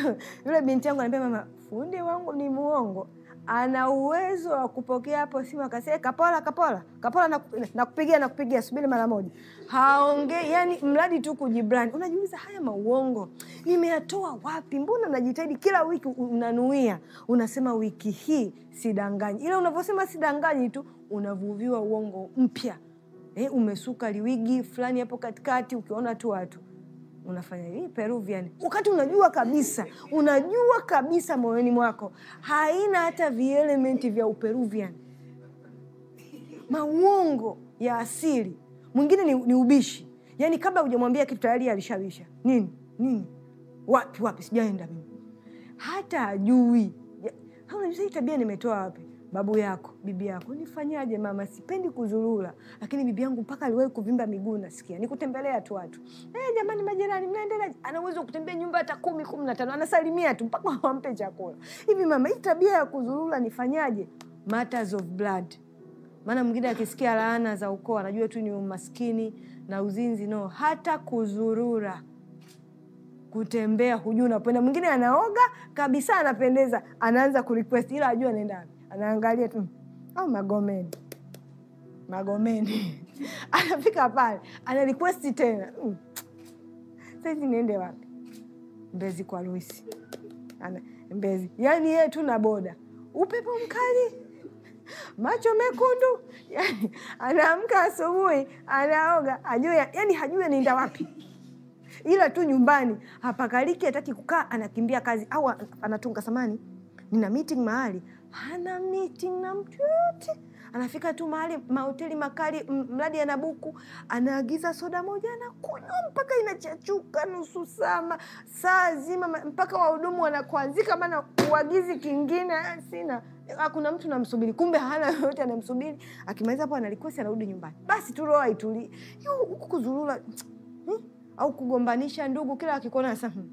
Yule binti yangu anambia mama, fundi wangu ni muongo ana uwezo wa kupokea hapo simu akasema Kapola, Kapola, Kapola nakupigia, na nakupigia, subiri mara moja, haongei. Yani mradi tu kujibrand. Unajiuliza, haya mauongo nimeyatoa wapi? Mbona najitahidi kila wiki, unanuia unasema, wiki hii sidanganyi, ila unavyosema sidanganyi tu unavuviwa uongo mpya. Eh, umesuka liwigi fulani hapo katikati, ukiona tu watu unafanya hii peruvian wakati unajua kabisa unajua kabisa moyoni mwako haina hata vielementi vya uperuvian mauongo ya asili mwingine ni, ni ubishi yani kabla hujamwambia kitu tayari alishabisha nini nini wapi wapi sijaenda mimi hata ajui hii tabia nimetoa wapi babu yako, bibi yako, nifanyaje mama, sipendi kuzurura, lakini bibi yangu mpaka aliwahi kuvimba miguu, nasikia nikutembelea tu watu eh, jamani, majirani mnaendelea. Ana uwezo kutembea nyumba hata kumi kumi na tano, anasalimia tu mpaka wampe chakula. Hivi mama, hii tabia ya kuzurura nifanyaje? Matters of blood. Maana mwingine akisikia laana za ukoo anajua tu ni umaskini na uzinzi. No, hata kuzurura kutembea hujui unapoenda. Mwingine anaoga kabisa, anapendeza, anaanza kurequest, ila ajua anaenda anaangalia tu au Magomeni, Magomeni anafika pale ana request tena mm. Saizi niende wapi? Mbezi kwa Luisi ana Mbezi, yani yeye tu na boda, upepo mkali, macho mekundu, yani anaamka asubuhi, anaoga, ajue yani hajue anaenda wapi ila tu nyumbani hapakaliki, hataki kukaa, anakimbia kazi au anatunga samani, nina meeting mahali hana meeting na mtu yoyote anafika tu mahali mahoteli makali mradi ana buku anaagiza soda moja anakunywa mpaka inachachuka nusu sama saa zima mpaka wahudumu wanakuanzika maana uagizi kingine ah, sina hakuna ah, mtu namsubiri kumbe hana yoyote anamsubiri akimaliza hapo analikosi anarudi nyumbani basi tu roho aitulie huku kuzurura hmm? au kugombanisha ndugu kila akikuona sa hmm,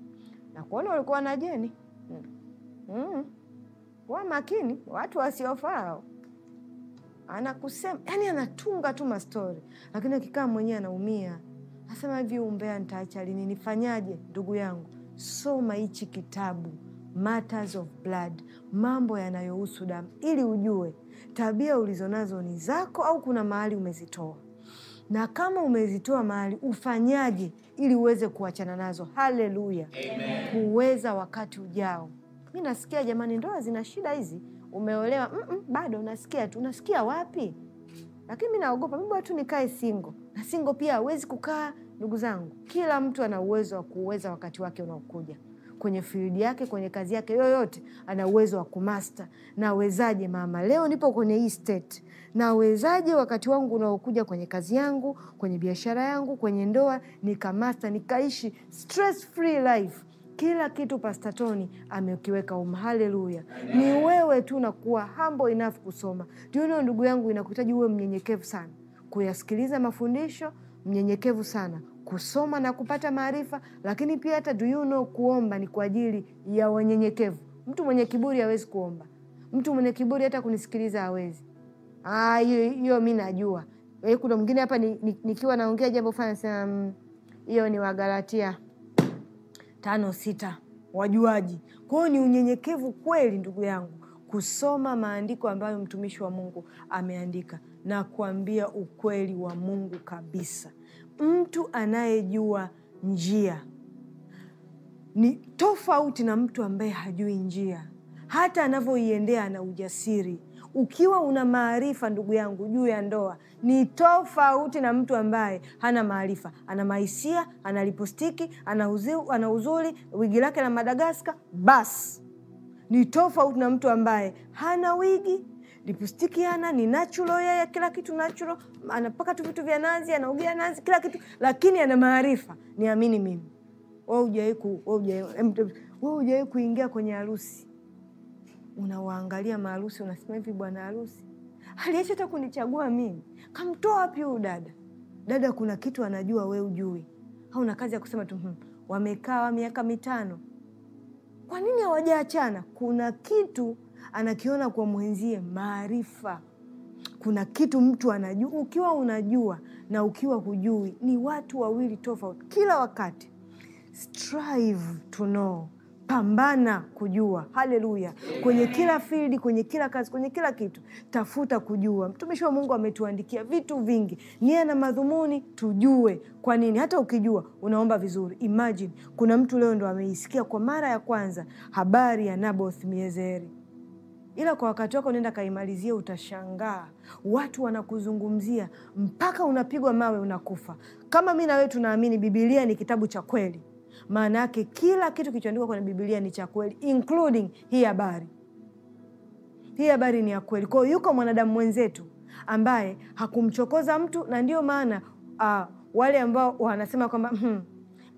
nakuona ulikuwa na jeni hmm. hmm wa makini, watu wasiofaa anakusema, yani anatunga tu mastori, lakini akikaa mwenyewe anaumia, asema hivi, umbea ntaacha lini? Nifanyaje? Ndugu yangu, soma hichi kitabu Matters of Blood, mambo yanayohusu damu, ili ujue tabia ulizonazo ni zako au kuna mahali umezitoa, na kama umezitoa mahali ufanyaje ili uweze kuachana nazo. Haleluya, kuweza wakati ujao mi nasikia jamani, ndoa zina shida hizi, umeolewa mm -mm, bado nasikia tu. Nasikia wapi? Lakini mi naogopa, mi bora tu nikae singo na singo pia hawezi kukaa. Ndugu zangu, kila mtu ana uwezo wa kuweza wakati wake unaokuja kwenye field yake, kwenye kazi yake yoyote, ana uwezo wa kumasta. Nawezaje mama, leo nipo kwenye hii state, nawezaje wakati wangu unaokuja kwenye kazi yangu, kwenye biashara yangu, kwenye ndoa, nikamasta nikaishi stress free life kila kitu Pasta Tony amekiweka um Haleluya! Ni wewe tu nakuwa hambo inafu kusoma. Tuuno ndugu yangu, inakuhitaji uwe mnyenyekevu sana kuyasikiliza mafundisho, mnyenyekevu sana kusoma na kupata maarifa, lakini pia hata do you know, kuomba ni kwa ajili ya wanyenyekevu. Mtu mwenye kiburi hawezi kuomba, mtu mwenye kiburi hata kunisikiliza hawezi. Ah, hiyo mi najua. E, kuna mwingine hapa nikiwa ni, ni naongea jambo fulani, mm, hiyo ni Wagalatia tano sita wajuaji. Kwa hiyo ni unyenyekevu kweli, ndugu yangu, kusoma maandiko ambayo mtumishi wa Mungu ameandika na kuambia ukweli wa Mungu kabisa. Mtu anayejua njia ni tofauti na mtu ambaye hajui njia, hata anavyoiendea ana ujasiri. Ukiwa una maarifa ndugu yangu juu ya ndoa, ni tofauti na mtu ambaye hana maarifa, ana mahisia, ana lipostiki, ana, uziu, uzuri, wigi lake la Madagaskar, Basi ni tofauti na mtu ambaye hana wigi lipostiki ana ni natural yeye, kila kitu natural, anapaka tu vitu vya nazi, anaogea nazi, kila kitu, lakini ana maarifa. Niamini mimi, wewe hujawahi wewe hujawahi kuingia kwenye harusi, unawaangalia maharusi, unasema hivi, bwana harusi aliacha hata kunichagua mimi Kamtoa wapi huyu dada? Dada kuna kitu anajua we ujui, na kazi ya kusema tu hmm, wamekaa miaka mitano, kwa nini hawajaachana? Kuna kitu anakiona kwa mwenzie, maarifa. Kuna kitu mtu anajua, ukiwa unajua na ukiwa hujui ni watu wawili tofauti. Kila wakati strive to know pambana kujua haleluya kwenye kila fildi kwenye kila kazi kwenye kila kitu tafuta kujua mtumishi wa mungu ametuandikia vitu vingi nia na madhumuni tujue kwa nini hata ukijua unaomba vizuri imagine kuna mtu leo ndo ameisikia kwa mara ya kwanza habari ya naboth miezeri ila kwa wakati wako unaenda kaimalizia utashangaa watu wanakuzungumzia mpaka unapigwa mawe unakufa kama mi nawee tunaamini bibilia ni kitabu cha kweli maana yake kila kitu kilichoandikwa kwenye bibilia ni cha kweli including hii habari hii habari ni ya kweli kwao yuko mwanadamu mwenzetu ambaye hakumchokoza mtu na ndio maana uh, wale ambao wanasema kwamba hmm,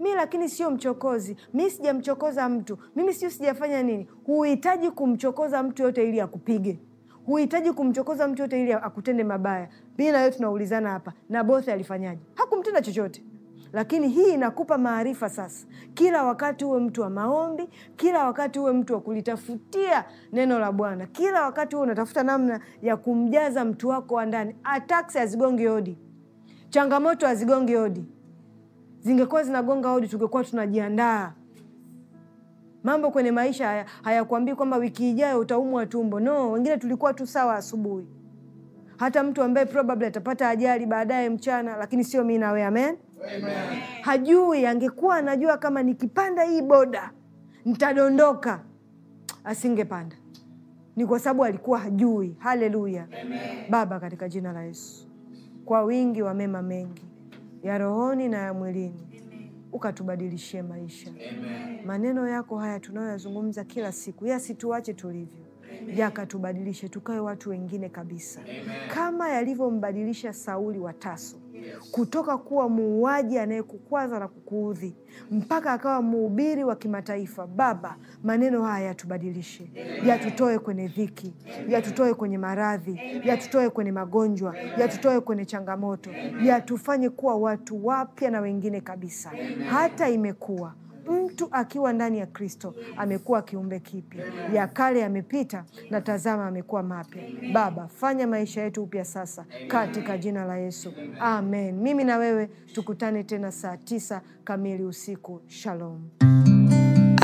mi lakini sio mchokozi mi sijamchokoza mtu mimi sio sijafanya nini huhitaji kumchokoza mtu yote ili akupige huhitaji kumchokoza mtu yote ili akutende mabaya mi nawe tunaulizana hapa bothe alifanyaje hakumtenda chochote lakini hii inakupa maarifa sasa. Kila wakati uwe mtu wa maombi, kila wakati uwe mtu wa kulitafutia neno la Bwana, kila wakati uwe unatafuta namna ya kumjaza mtu wako wa ndani. Ataksi hazigongi hodi, changamoto hazigongi hodi. Zingekuwa zinagonga hodi, tungekuwa tunajiandaa. Mambo kwenye maisha haya hayakuambii kwamba wiki ijayo utaumwa tumbo. No, wengine tulikuwa tu sawa asubuhi. Hata mtu ambaye probably atapata ajali baadaye mchana, lakini sio mi nawe. Amen. Amen. Hajui, angekuwa anajua kama nikipanda hii boda nitadondoka, asingepanda. Ni kwa sababu alikuwa hajui. Haleluya! Baba, katika jina la Yesu, kwa wingi wa mema mengi ya rohoni na ya mwilini ukatubadilishie maisha. Amen. Maneno yako haya tunayoyazungumza kila siku yasituache tulivyo, yakatubadilishe tukawe watu wengine kabisa. Amen. Kama yalivyombadilisha Sauli wa Tarso kutoka kuwa muuaji anayekukwaza na kukuudhi mpaka akawa mhubiri wa kimataifa. Baba, maneno haya yatubadilishe, yatutoe kwenye dhiki, yatutoe kwenye maradhi, yatutoe kwenye magonjwa, yatutoe kwenye changamoto, yatufanye kuwa watu wapya na wengine kabisa. Hata imekuwa mtu akiwa ndani ya Kristo amekuwa kiumbe kipya, ya kale yamepita na tazama amekuwa mapya. Baba, fanya maisha yetu upya sasa, katika jina la Yesu, amen. Mimi na wewe tukutane tena saa tisa kamili usiku. Shalom.